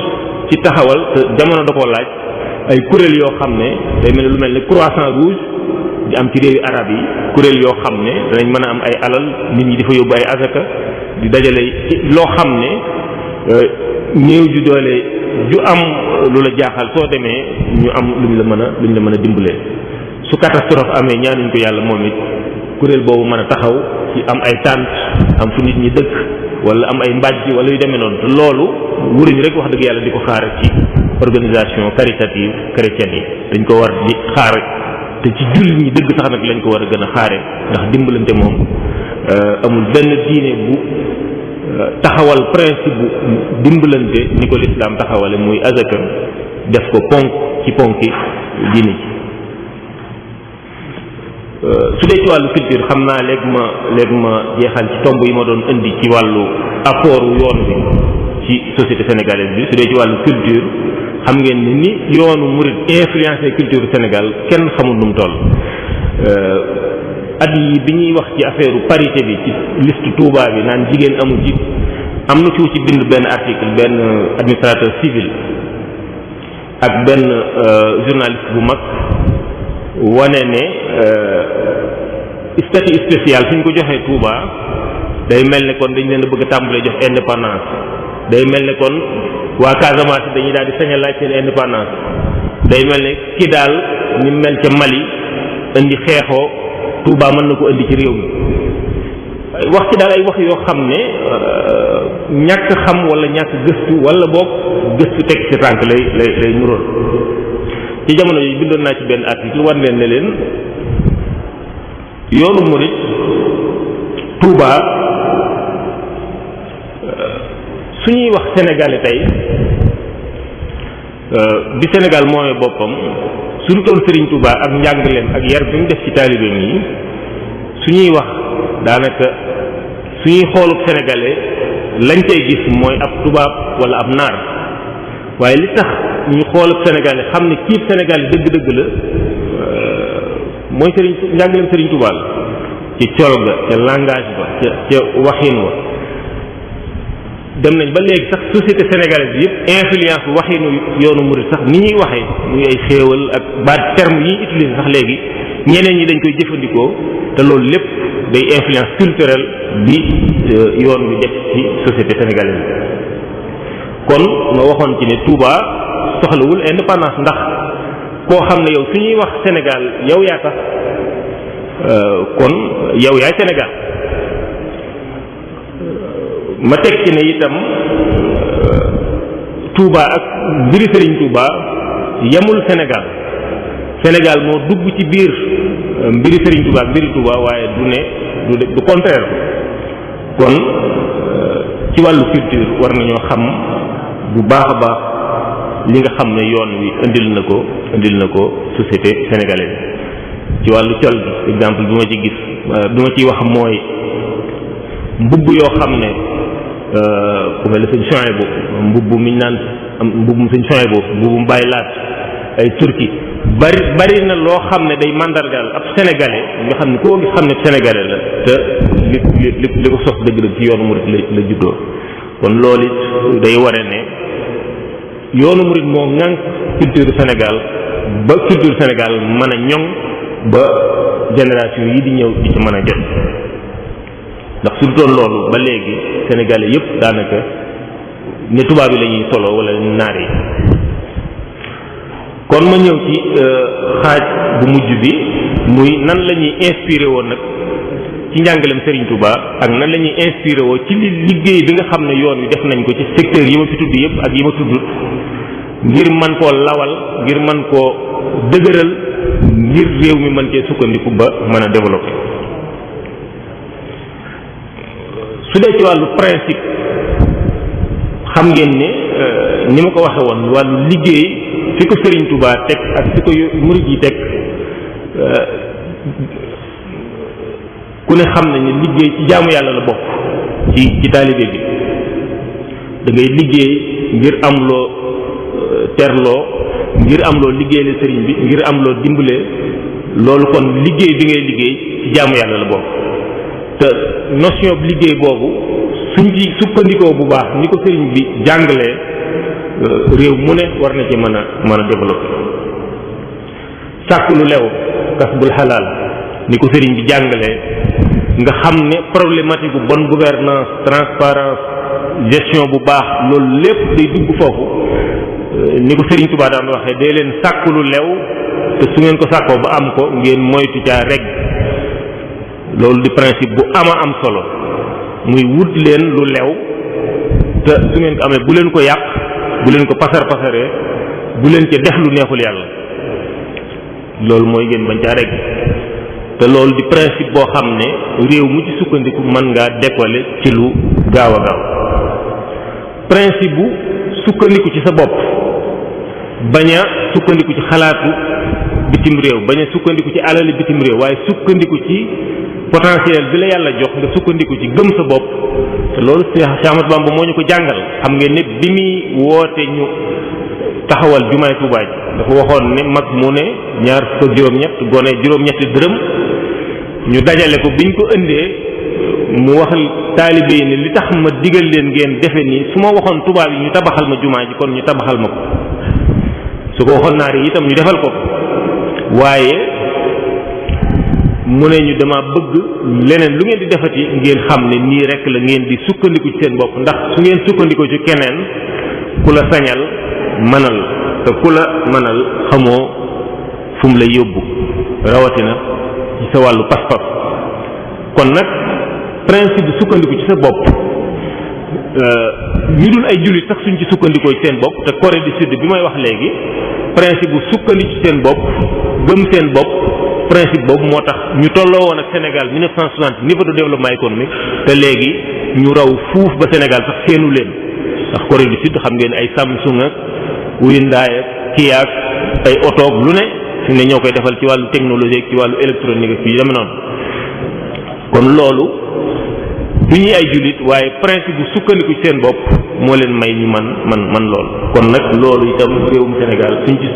B: ci taxawal te jamono da koo laaj ay kuréel yoo xam ne day mel ni lu mel ne croissant rouge di am ci réewi arab yi kuréel yoo xam ne danañ mën a am ay alal nit ñi dafa yóbbu ay azaka di dajale loo xam ne euh, néew ju doole ju am lu la jaaxal soo demee ñu am lu ñu la mën a lu ñu la mën a dimbalee su catastrophe amee ñaanuñ ko yàlla moom it kuréel boobu mën a taxaw ci am ay tànt am fu nit ñi dëkk wala am ay mbàjj wala yu demee noonu te loolu wuruñ rek wax dëgg yàlla di ko xaar ci organisation caritative chrétienne yi dañ ko war di xaar te ci jullit ñi dëgg sax nag lañ ko war a gën a xaare ndax dimbalante moom euh, amul benn diine bu euh, taxawal principe bu dimbalante ni ko lislaam taxawale muy azaka def ko ponk ci ponki diine ci euh, su dee ci wàllu culture xam naa léegi ma léegi ma jeexal ci tomb yi ma doon indi ci wàllu apport yoon bi ci société sénégalaise bi su dee ci wàllu culture xam ngeen ne ni yoonu murid influencé culture Sénégal kenn xamul nu mu toll. Euh, at yi bi ñuy wax ci affaire parité bi ci liste Touba bi naan jigéen amu ci am na ci bind benn article benn administrateur civil ak benn euh, journaliste bu mag wane ne euh, statut spécial suñ ko joxee Touba day mel ne dañ leen bëgg a tàmbalee jox indépendance day mel ne waa Casamance dañuy daal di sañal laaj seen indépendance day mel ni ki daal ni mel ca Mali indi xeexoo Touba mën na ko indi ci réew mi wax ci daal ay wax yoo xam ne euh, ñàkk xam wala ñàkk gëstu wala boog gëstu teg ci tànk lay lay lay ci jamono yi bindoon naa ci benn article war leen ne leen yoonu murit Touba su ñuy wax sénégalais tey euh, bi Sénégal mooy boppam su du toon Serigne Touba ak leen ak yar bi mu def ci taalibeem yi su ñuy wax daanaka su ñuy xoolub sénégalais lañ tey gis mooy ab tubaab wala ab naar waaye li tax ñu xoolub sénégalais xam ne kiib sénégalais dëgg-dëgg la euh, mooy Serigne njàngaleem Serigne Touba la ci col ga ca langage ba ca ca waxin wa dem nañ ba léegi sax société sénégalaise bi yëpp influence waxinu yoonu murid sax ni ñuy waxee muy ay xéewal ak baat terme yi ñu utilisé sax léegi ñeneen ñi dañ koy jëfandikoo te loolu lépp day influence culturelle bi euh, yoon bi def ci société sénégalaise bi kon nga waxoon ci ne Touba soxlawul indépendance ndax koo xam ne yow su ñuy wax Sénégal yow yaa tax euh, kon yow yaay Sénégal ma teg ci ne itam euh, Touba ak biri Serigne Touba yemul Sénégal Sénégal moo dugg ci biir euh, mbiri Serigne Touba ak mbiri Touba waaye du ne du du contraire kon euh, ci wàllu culture war nañoo xam bu baax a baax li nga xam ne yoon wi indil na ko indil na ko société sénégalaise ci wàllu col bi exemple bi ma ci gis bi ma ci wax mooy mbubb yoo xam ne ku mel ne sëñ Sohaybu mbubb mi ñu naan mbubbum sëñ bàyyi laat ay turki bari bari na loo xam ne day mandargaal ab sénégalais nga xam ne koo gis xam ne sénégalais la te li li li ko sos dëgg-dëgg ci yoonu murit la la juddoo kon loolu it day ware ne yoonu murit moo ŋànk culture Sénégal ba culture Sénégal mën a ñoŋ ba génération yi di ñëw di ci mën a jot ndax su doon loolu ba léegi sénégalais yëpp daanaka ne tubaab yi la ñuy solo wala naar yi kon ma ñëw ci euh, xaaj bu mujj bi muy nan la ñuy inspiré woo nag ci njàngaleem Serigne Touba ak nan la ñuy inspiré woo ci li liggéey bi nga xam ne yoon wi def nañ ko ci secteur yi ma fi tudd yëpp ak yi ma tudd ngir man koo lawal ngir man koo dëgëral ngir réew mi mën cee sukkandiku ba mën a développé. su dee ci wàllu principe xam ngeen ni euh, ni ma ko waxe woon wàllu liggéey fi ko Serigne Touba teg ak fi ko murid yi teg euh, ku ne xam nañ ne liggéey ci jaamu yàlla la bokk ci ci taalibe bi da liggéey ngir am loo euh, terloo ngir am loo liggéeyale sëriñ bi ngir am loo dimbalee loolu kon liggéey bi ngay liggéey ci jaamu yàlla la bokk notion bi liggéey boobu suñ ci sukkandikoo bu baax ni ko sëriñ bi jàngale euh, réew mu ne war na ci mën a mën a développer sàkk lu lew kasbul xalaal ni ko sëriñ bi jàngalee nga xam ne problématique bu bonne gouvernance transparence gestion bu baax loolu lépp day dugg foofu euh, ni ko sëriñ Tuubaa daan waxee dee leen sàkk lu lew te su ngeen ko sàkkoo ba am ko ngeen moytu caa rek loolu di principe bu ama am solo muy wut leen lu lew te su ngeen ko amee bu leen ko yàq bu leen ko pasar pasaree bu leen ca def lu neexul yàlla loolu mooy ngeen bañ caa rek te loolu di principe boo xam ne réew mu ci sukkandiku mën ngaa décoller ci lu gaaw a gaaw principe bu sukkandiku ci sa bopp bañ a sukkandiku ci xalaatu bitim réew bañ sukkandiku ci alali bitim réew waaye sukkandiku ci potentiel bi la yàlla jox nga sukkandiku ci gëm sa bopp te loolu Cheikh Ahmad Bamba moo ñu ko jàngal xam ngeen ne bi muy woote ñu taxawal jumaay Tuubaa ji dafa waxoon ne mag mu ne ñaar fukk juróom-ñett gone juróom-ñetti dërëm ñu dajale ko biñ ko indee mu wax taalibe yi ne li tax ma digal leen ngeen defe nii su ma waxoon tubaab yi ñu tabaxal ma jumaa ji kon ñu tabaxal ma ko su ko waxoon naar yi itam ñu defal ko waaye mu ne ñu dama bëgg leneen lu ngeen di defati ngeen xam ne nii rekk la ngeen di sukkandiku ci seen bopp ndax su ngeen sukkandiku ci keneen ku la te ku la mënal xamoo fu la yóbbu rawatina sa wàllu pas kon nag principe sukkandiku ci sa bopp euh, ñu dul ay jullit tax suñ ci sukkandikoo ci seen bopp te Corée du Sud bi may wax léegi principe bu sukkandiku ci seen bopp gëm seen bopp principe boobu moo tax ñu tolloo woon ak Sénégal 1960 niveau de développement économique te léegi ñu raw fuuf ba Sénégal sax seenu leen ndax Corée du Sud xam ngeen ay Samsung ak Hyundai ak Kia ak ay otoog lu ne fi ne ñoo koy defal ci wàllu technologie ak ci wàllu électronique ak ci dem noonu kon loolu du ñuy ay jullit waaye principe bu sukkandiku ci seen bopp moo leen may ñu man man man lool kon nag loolu itam réewum Sénégal suñ ci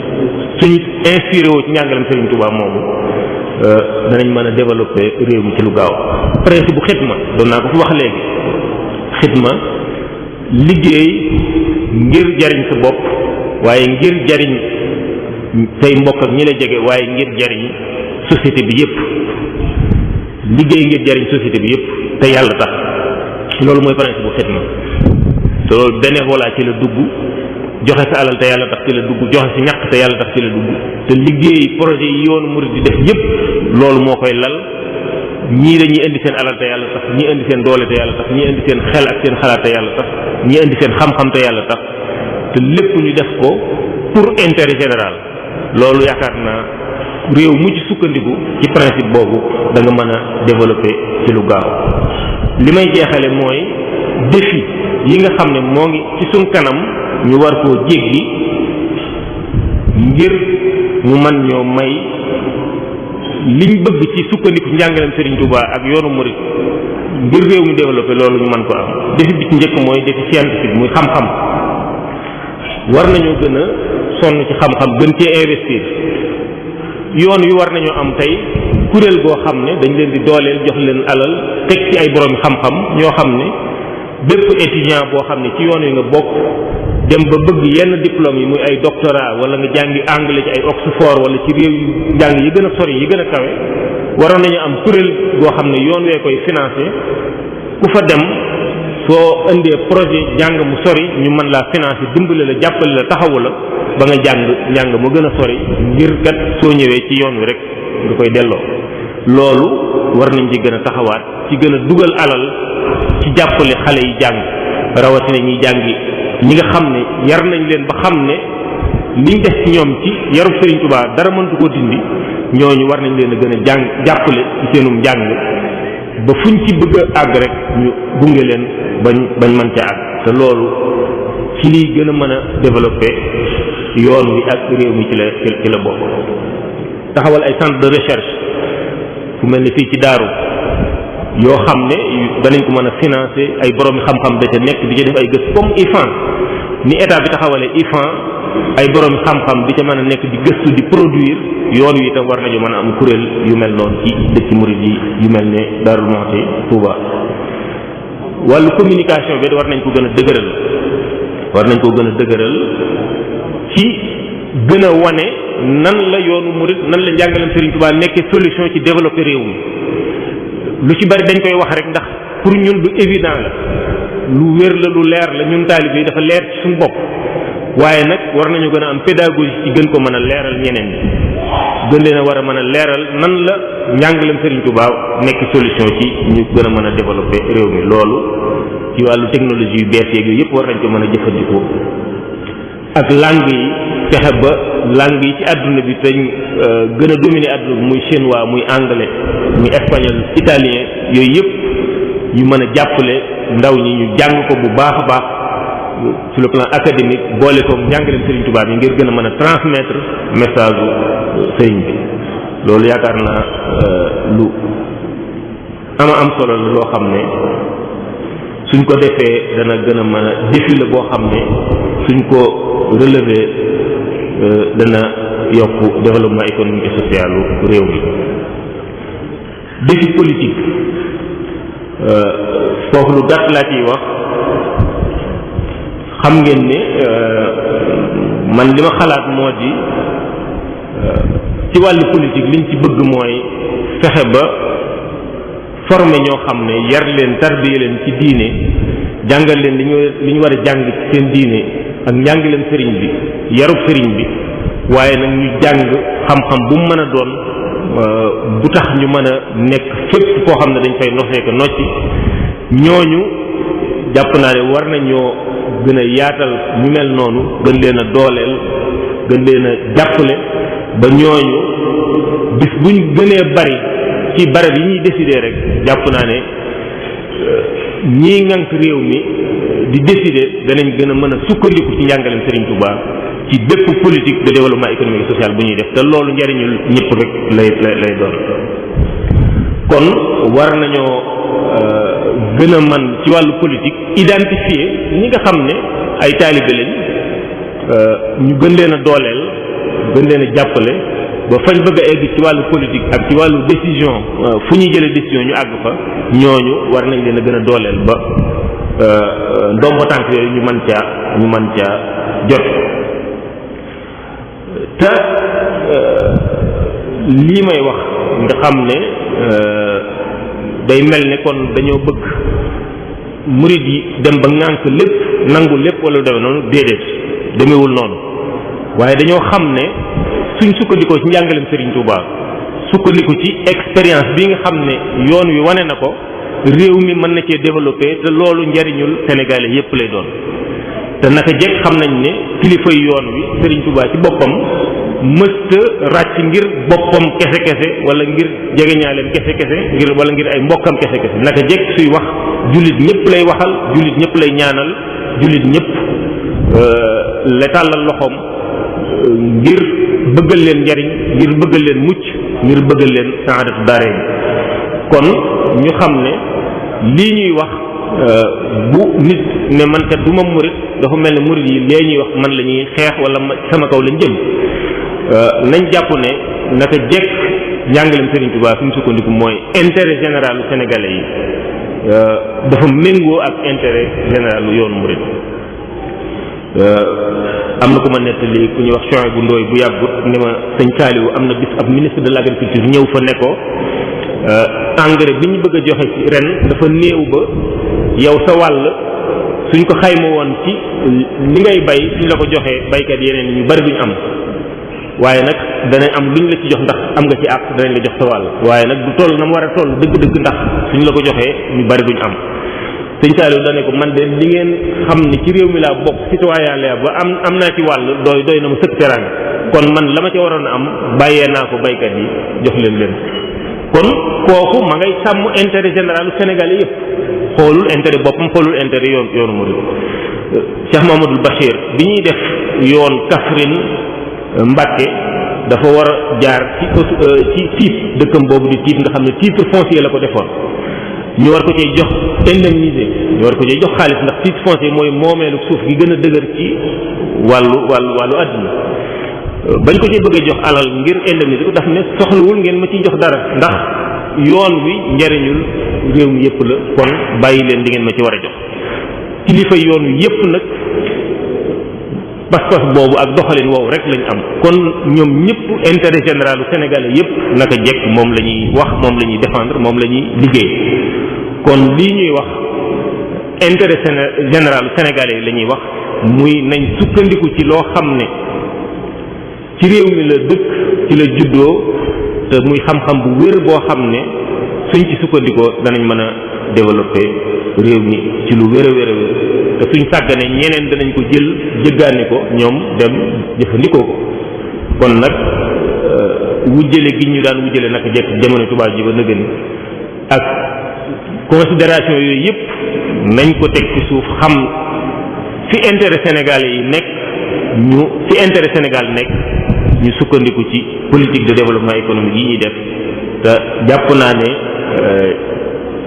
B: suñ inspiré woo ci njàngalem Serigne Touba moomu euh, danañ mën a développer réew mi ci lu gaaw principe bu ma doon naa ko fi wax léegi xitma liggéey ngir jariñ sa bopp waaye ngir jariñ say mbokk ak ñi la jege waaye ngir jariñ société bi yépp liggéey ngir jariñ société bi yépp te yàlla tax loolu mooy principe bu xidma te loolu bénévolat ci la dugg joxe sa alal te yàlla tax ci la dugg joxe si ñàkk te yàlla tax ci la dugg te liggéey projet yi yoon mu di def yépp loolu moo koy lal ñii dañuy indi seen alal te yàlla tax ñii indi seen doole te yàlla tax ñii indi seen xel ak seen xalaat te yàlla tax ñii indi seen xam-xam te yàlla tax te lépp ñu def ko pour intérêt général loolu yaakaar naa réew mu ci sukkandiku ci principe boobu da nga mën a développer lu gaaw li may jeexale mooy défi yi nga xam ne moo ngi ci suñ kanam ñu war koo jéggi ngir mu man ñoo may liñ bëgg ci sukkandiku njàngaleem Serigne Touba ak yoonu murid ngir réew mi développé loolu ñu man ko am défi bi ci njëkk mooy défi scientifique muy xam-xam war nañoo gën a sonn ci xam-xam gën cee investir yoon wi war nañoo am tey kuréel goo xam ne dañ leen di dooleel jox leen alal teg ci ay borom xam-xam ñoo xam ne bépp étudiant boo xam ne ci yoon wi nga bokk dem ba bëgg yenn diplôme yi muy ay doctorat wala nga jàngi anglais ci ay Oxford wala ci réew yu njàng yi gën a sori yi gën a kawe waroon nañu am kuréel goo xam ne yoon wee koy financé ku fa dem. boo indee projet njàng mu sori ñu man laa financer dimbale la jàppale la taxawu la ba nga jàng njàng mu gën a sori ngir kat soo ñëwee ci yoon wi rek nga koy delloo loolu war nañ ci gën a taxawaat ci gën a dugal alal ci jàppale xale yi jàng rawatina ñuy jàngi ñi nga xam ne yar nañ leen ba xam ne liñ def ci ñoom ci yarub Sëriñ Tuubaa dara mëntu koo dindi ñooñu war nañ leen a gën a jàng jàppale ci seenum njàng ba fuñ ci bëgg àgg rek ñu gunge bañ bañ mën ca ak te loolu ci liy gën a mën a développe yoon wi ak réew mi ci la ci la bokk taxawal ay centre de recherche fu mel ni fii ci daaru yoo xam ne danañ ko mën a financer ay borom xam-xam da ca nekk di ca def ay gëstu comme IFAN ni état bi taxawalee IFAN ay borom xam-xam di ca mën a nekk di gëstu di produire yoon wi itam war nañu mën a am kuréel yu mel noonu ci dëkk murid yi yu mel ne Darou Moukhty Touba. wàllu communication bi war nañ ko gën a dëgëral war nañ koo gën a dëgëral ci gën a wane nan la yoonu murid nan la njàngalam Serigne Touba nekkee solution ci développer réew mi lu ci bari dañ koy wax rek ndax pour ñun lu évident la lu wér la lu leer la ñun taalibe yi dafa leer ci suñu bopp waaye nag war nañu gën a am pédagogie ci gën ko mën a leeral ñeneen ñi gën leen a war a mën a leeral nan la njàngalem Serigne Touba nekk solution ci ñu gën a mën a développé réew mi loolu ci wàllu technologie yu bees yeeg yëpp war nañ ko mën a jëfandikoo ak làng yi fexe ba làng yi ci àdduna bi dañ euh, gën a dominer àdduna bi muy chinois muy anglais muy espagnol italien yooyu yëpp ñu mën a jàppale ndaw ñi ñu jàng ko bu baax a baax. sur le plan académique boole ko njàngaleem Serigne Touba bi ngir gën a mën a transmettre message euh, Serigne bi loolu yaakaar naa euh, lu ama am solo la loo xam ne suñ ko defee dana gën a mën a défi la boo xam ne suñ ko relever euh, dana yokk développement économique social réew mi défi politique foofu lu gàtt laa ciy wax xam ngeen ni euh, man li ma xalaat moo di euh, ci wàllu politique liñ ci bëgg mooy fexe ba former ñoo xam ne yar leen tarbiye leen ci diine jàngal leen li ñu war a jàng ci seen diine ak njàng leen sëriñ bi yarub sëriñ bi waaye nag ñu jàng xam-xam bu mu mën a doon euh, bu tax ñu mën a nekk fépp koo xam ne dañ fay noxee ko nocci ñooñu jàpp naa ne war nañoo gën a yaatal ñu mel noonu gën leen a dooleel gën leen a jàppale ba ñooñu bis buñ gënee bari ci barab yi ñuy décider rek jàpp naa ne euh, ñii ngànk réew mi di décider danañ gën a mën a sukkandiku ci njàngaleem Serigne Touba ci bépp politique de développement économique et social bu ñuy def te loolu njariñu ñëpp rek lay lay lay doon. kon war nañoo euh, gën a man ci wàllu politique identifier ñi nga xam ne ay taalibe lañ
A: euh, ñu gën
B: leen a dooleel gën leen a jàppale ba fañ bëgg a egg ci wàllu politique ak ci wàllu décision euh, fu ñuy jëlee décision ñu àgg fa ñooñu war nañ leen a gën a dooleel ba ndombo tànk yooyu ñu mën caa ñu mën caa jot te lii may wax nga xam ne Euh, day mel ne kon dañoo bëgg murid yi dem ba ŋànk lépp nangu lépp wala lu noonu déedéet demewul noonu waaye dañoo xam ne suñ sukkandikoo ci njàngaleem Serigne Touba sukkandiku ci expérience bi nga xam ne yoon wi wane na ko réew mi mën na cee développé te loolu njariñul sénégalais yépp lay doon te naka jekk xam nañ ne kilifa yoon wi Serigne Touba ci boppam mësta ràcc ngir boppam kese kese wala ngir jegeñaaleem kese kese ngir wala ngir ay mbokkam kese kese naka jekk suy wax jullit ñëpp lay waxal jullit ñëpp lay ñaanal jullit ñëpp euh, la tàllal loxoom euh, ngir bëggal leen njariñ ngir bëggal leen mucc ngir bëggal leen saadatu daaree kon ñu xam ne lii ñuy wax euh, bu nit ne man kat du ma dafa mel ne murit yi lee ñuy wax man lañuy xeex wala sama kaw lañ jëm Euh, nañ jàpp ne naka jekk njàngalem Serigne Touba fi mu sukkandiku mooy intérêt général lu sénégalais yi euh, dafa méngoo ak intérêt général lu yoonu murid euh, am na ku ma nettali ku ñu wax chong bu ndooy bu yàggut ne ma sëñ Saaliwu am na bis ab ministre de l'agriculture ñëw fa ne ko engrais bi ñu bëgg a joxe ci ren dafa néew ba yow sa wàll suñ ko xayma woon ci li ngay bay suñ la ko joxee baykat yeneen ñu bari duñ am waaye nag danañ am luñ la ci jox ndax am nga ci àq danañ la jox sa wàll waaye nag du toll na mu war a toll dëgg-dëgg ndax suñ la ko joxee ñu bari duñ am sëñ Saliou dane ko man de li ngeen xam ni ci réew mi laa bokk citoyen laa ba am am naa ci wàll doy doy na mu sëkk teraanga kon man la ma ca waroon a am bàyyee naa ko baykat yi jox leen leen kon kooku ma ngay sàmm intérêt général Sénégal yëpp xoolul intérêt boppam xoolul intérêt yoon yoonu murid Cheikh Mamadou Bachir bi ñuy def yoon Kaffrine Mbàkke dafa war a jaar ci euh, ci titre dëkkam boobu di titre nga xam ne titre foncier la ko defoon ñu war ko cee jox indemnisé ñu war ko cee jox xaalis ndax titre foncier mooy moomeelu suuf gi gën a dëgër ci wàllu wàllu wàllu àdduna euh, bañ ko cee bëggee jox alal ngir indemnisé ko daf ne soxlawul ngeen ma ciy jox dara ndax yoon wi njariñul réew mi yëpp la kon bàyyi leen di ngeen ma ci war a jox kilifa yoon wi nag pas-pas boobu ak doxalin woowu rek lañ am kon ñoom ñëpp intere général u sénégalais yëpp naka jekk moom la ñuy wax moom la ñuy défendre moom la ñuy liggéey kon lii ñuy wax intérêt général u sénégalais yi la ñuy wax muy nañ sukkandiku ci loo xam ne ci réew mi la dëkk ci la juddoo te muy xam-xam bu wér boo xam ne suñ ci sukkandikoo danañ mën a développer réew mi ci lu wér a wér te suñ sàggane ñeneen danañ ko jël jëggaani ko ñoom dem jëfandikoo ko kon nag euh, wujjale gi ñu daan wujjale nag jekk jamono tubaab ji ba nëgëni ak considération yooyu yëpp nañ ko teg ci suuf xam fi intérêt Sénégal yi nekk ñu fi intérêt Sénégal nekk ñu sukkandiku ci politique de développement économique yi ñuy def te jàpp naa ne euh,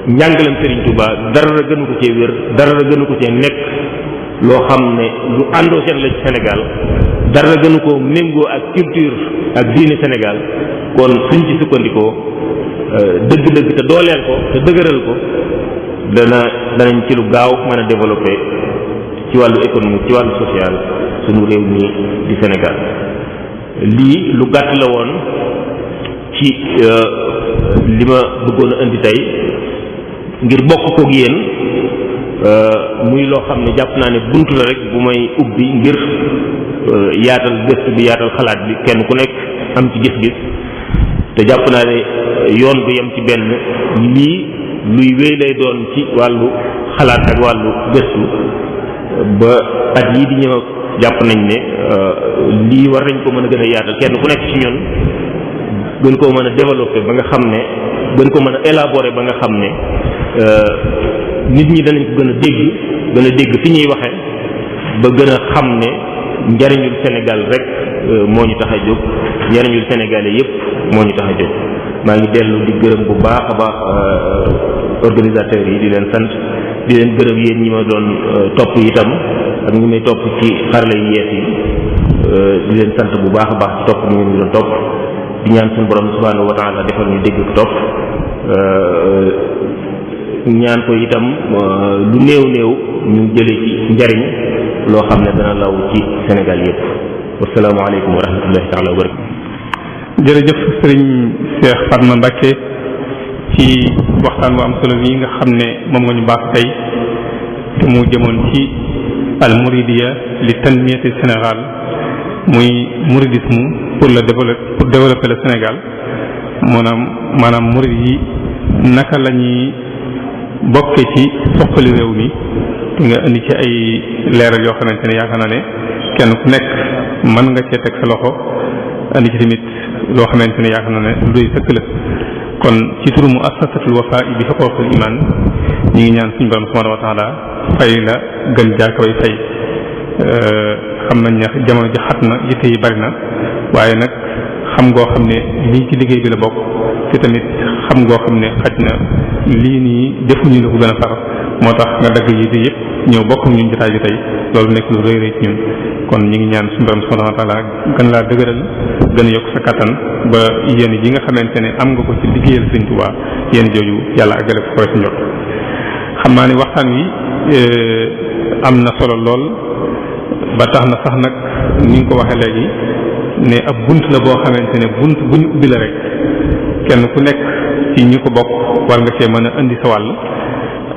B: njàngalam Serigne Touba dara gënu ko cee wér dara gënu ko cee nekk loo xam ne lu àndoo seen la ci Sénégal dara gënu ko méngoo ak culture ak diine Sénégal kon suñ ci sukkandikoo euh, dëgg-dëgg te dooleel ko te dëgëral ko dana danañ ci lu gaaw mën a développer ci wàllu économique ci wàllu social suñu réew mi di Sénégal lii lu gàtt la woon ci euh, li ma bëggoon indi tey ngir bokk koog yéen euh, muy loo xam ne jàpp naa ne bunt la rek bu may ubbi ngir euh, yaatal gëstu bi yaatal xalaat bi kenn ku nekk am ci gis-gis te jàpp naa ne yoon du yem ci benn lii luy doon ci wàllu xalaat ak wàllu gëstu ba at di ñëw jàpp nañ ne euh, lii war nañ ko mën a gën a yaatal kenn ku nekk ci ñun gën koo mën a développer ba nga xam ne gën ko mën a élaborer ba nga xam ne Euh, nit ñi danañ ko gën a dégg gën a dégg fi ñuy waxe ba gën a xam ne njariñul Sénégal rek euh, moo ñu tax a jóg njariñul Sénégalais yépp moo ñu tax a jóg maa ngi dellu di gërëm bu baax a baax euh, organisateurs yi di leen sant di leen gërëm yéen ñi ma doon topp itam ak ñi may topp ci xarala yu yees yi di leen sant bu baax a baax ci topp mu ngeen ñu doon topp di ñaan suñu borom subhanahu wa taala defal ñu dégg ak topp ñaan ko itam euh, lu néew néew ñu jële ci njariñ loo xam ne dana law ci Sénégal yëpp wasalaamaaleykum wa rahmatullahi taala wa barakatu
A: jërëjëf sëriñ Cheikh Fatma Mbacké ci waxtaan bu am solo bii nga xam ne moom nga ñu baax tey te mu jëmoon ci al mouridia li tanmiyati Sénégal muy mouridisme pour le développer pour développer le Sénégal maanaam maanaam murid yi naka lañuy bokk ci soxali réew mi nga indi ci ay leeral yoo xamante ne yaakaar naa ne kenn ku nekk mën nga cee teg sa loxo indi ci tamit loo xamante ne yaakaar na ne lu doy sëkk la kon ci turu mu assasatul wafa bi xaqooqul iman ñu ngi ñaan suñ borom subhanahu wa taala fay la gën jaaka bay fay xam nañ jamono ji xat na yitte yi bari na waaye nag xam ngoo xam ne lii ci liggéey bi la bokk te tamit xam ngoo xam ne xaj na lii nii defuñu la ko moo tax nga dagg yi te yëpp ñëw bokk ñun jotaay tey loolu nekk lu rëy kon ñu ngi ñaan suñu borom subhanahu wa taala gën laa dëgëral gën a yokk sa kattan ba yéen nga xamante ne am nga ko ci liggéeyal sëñ Tuubaa yéen jooju yàlla àggale ko koy si njot xam naa ni waxtaan wi eh, am na solo lool ba tax na sax nag ni ko waxee léegi ne ab bunt la boo xamante ne bunt bu ñu ubbi la rek kenn ku nekk ci ñi ko bokk war nga cee mën a indi sa wàll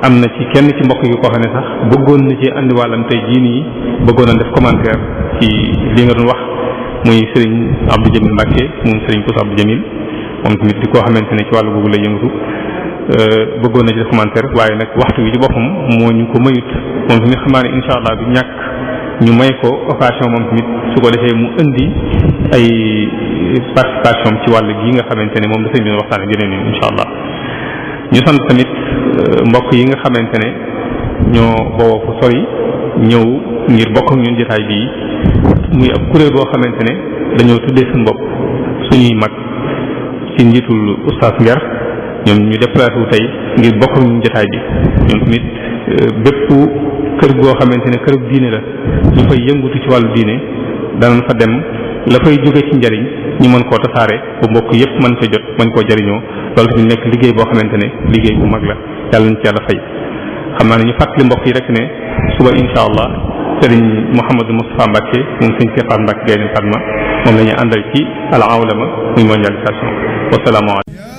A: am na ci kenn ci mbokk yi ko xam ne sax bëggoon na ci indi wàllam tey jii nii bëggoon na def commentaire ci li nga doon wax muy sëriñ Abdou Jamil Mbacke moom sëriñ Kousa Abdou Jamil moom tamit di koo xamante ne ci wàll googu la yëngatu euh, bëggoon na ci def commentaire waaye nag waxtu wi ci boppam moo ñu ko mayut moom tamit xam naa ne allah du ñàkk ñu may ko occasion moom tamit su ko defee mu indi ay participation ci wàll gi nga xamante ne moom da sëñ bi waxtaane jëneen ni incha allah ñu sant tamit euh, mbokk yi nga xamante ne ñoo bowoo fu sori ñëw ngir bokk ñu ñun jotaay bii muy ab kuréel boo xamante ne dañoo tuddee suñu bopp mag ci njiitul oustaz Ngar ñoom ñu déplacé wu tey ngir bokk ñu ñun jotaay bi ñoom tamit euh, bépp kër goo xamante ne kër diine la ñu fay yëngutu ci wàllu diine danañ fa dem la fay jóge ci njariñ ñu mën koo tasaare ba mbokk yépp man ca jot mën koo jariñoo loolu fi nekk liggéey boo xamante ne liggéey bu mag la yàlla nañ ci fa fay xam naa ne ñu fàttali mbokk yi rek ne suba insha allah sëriñ Mouhamadou Moustapha Mbacke moom sëriñ Cheikh Mbacke Gaynde Fatma moom la ñuy àndal ci al awlama muy mondialisation wasalaamaaleykum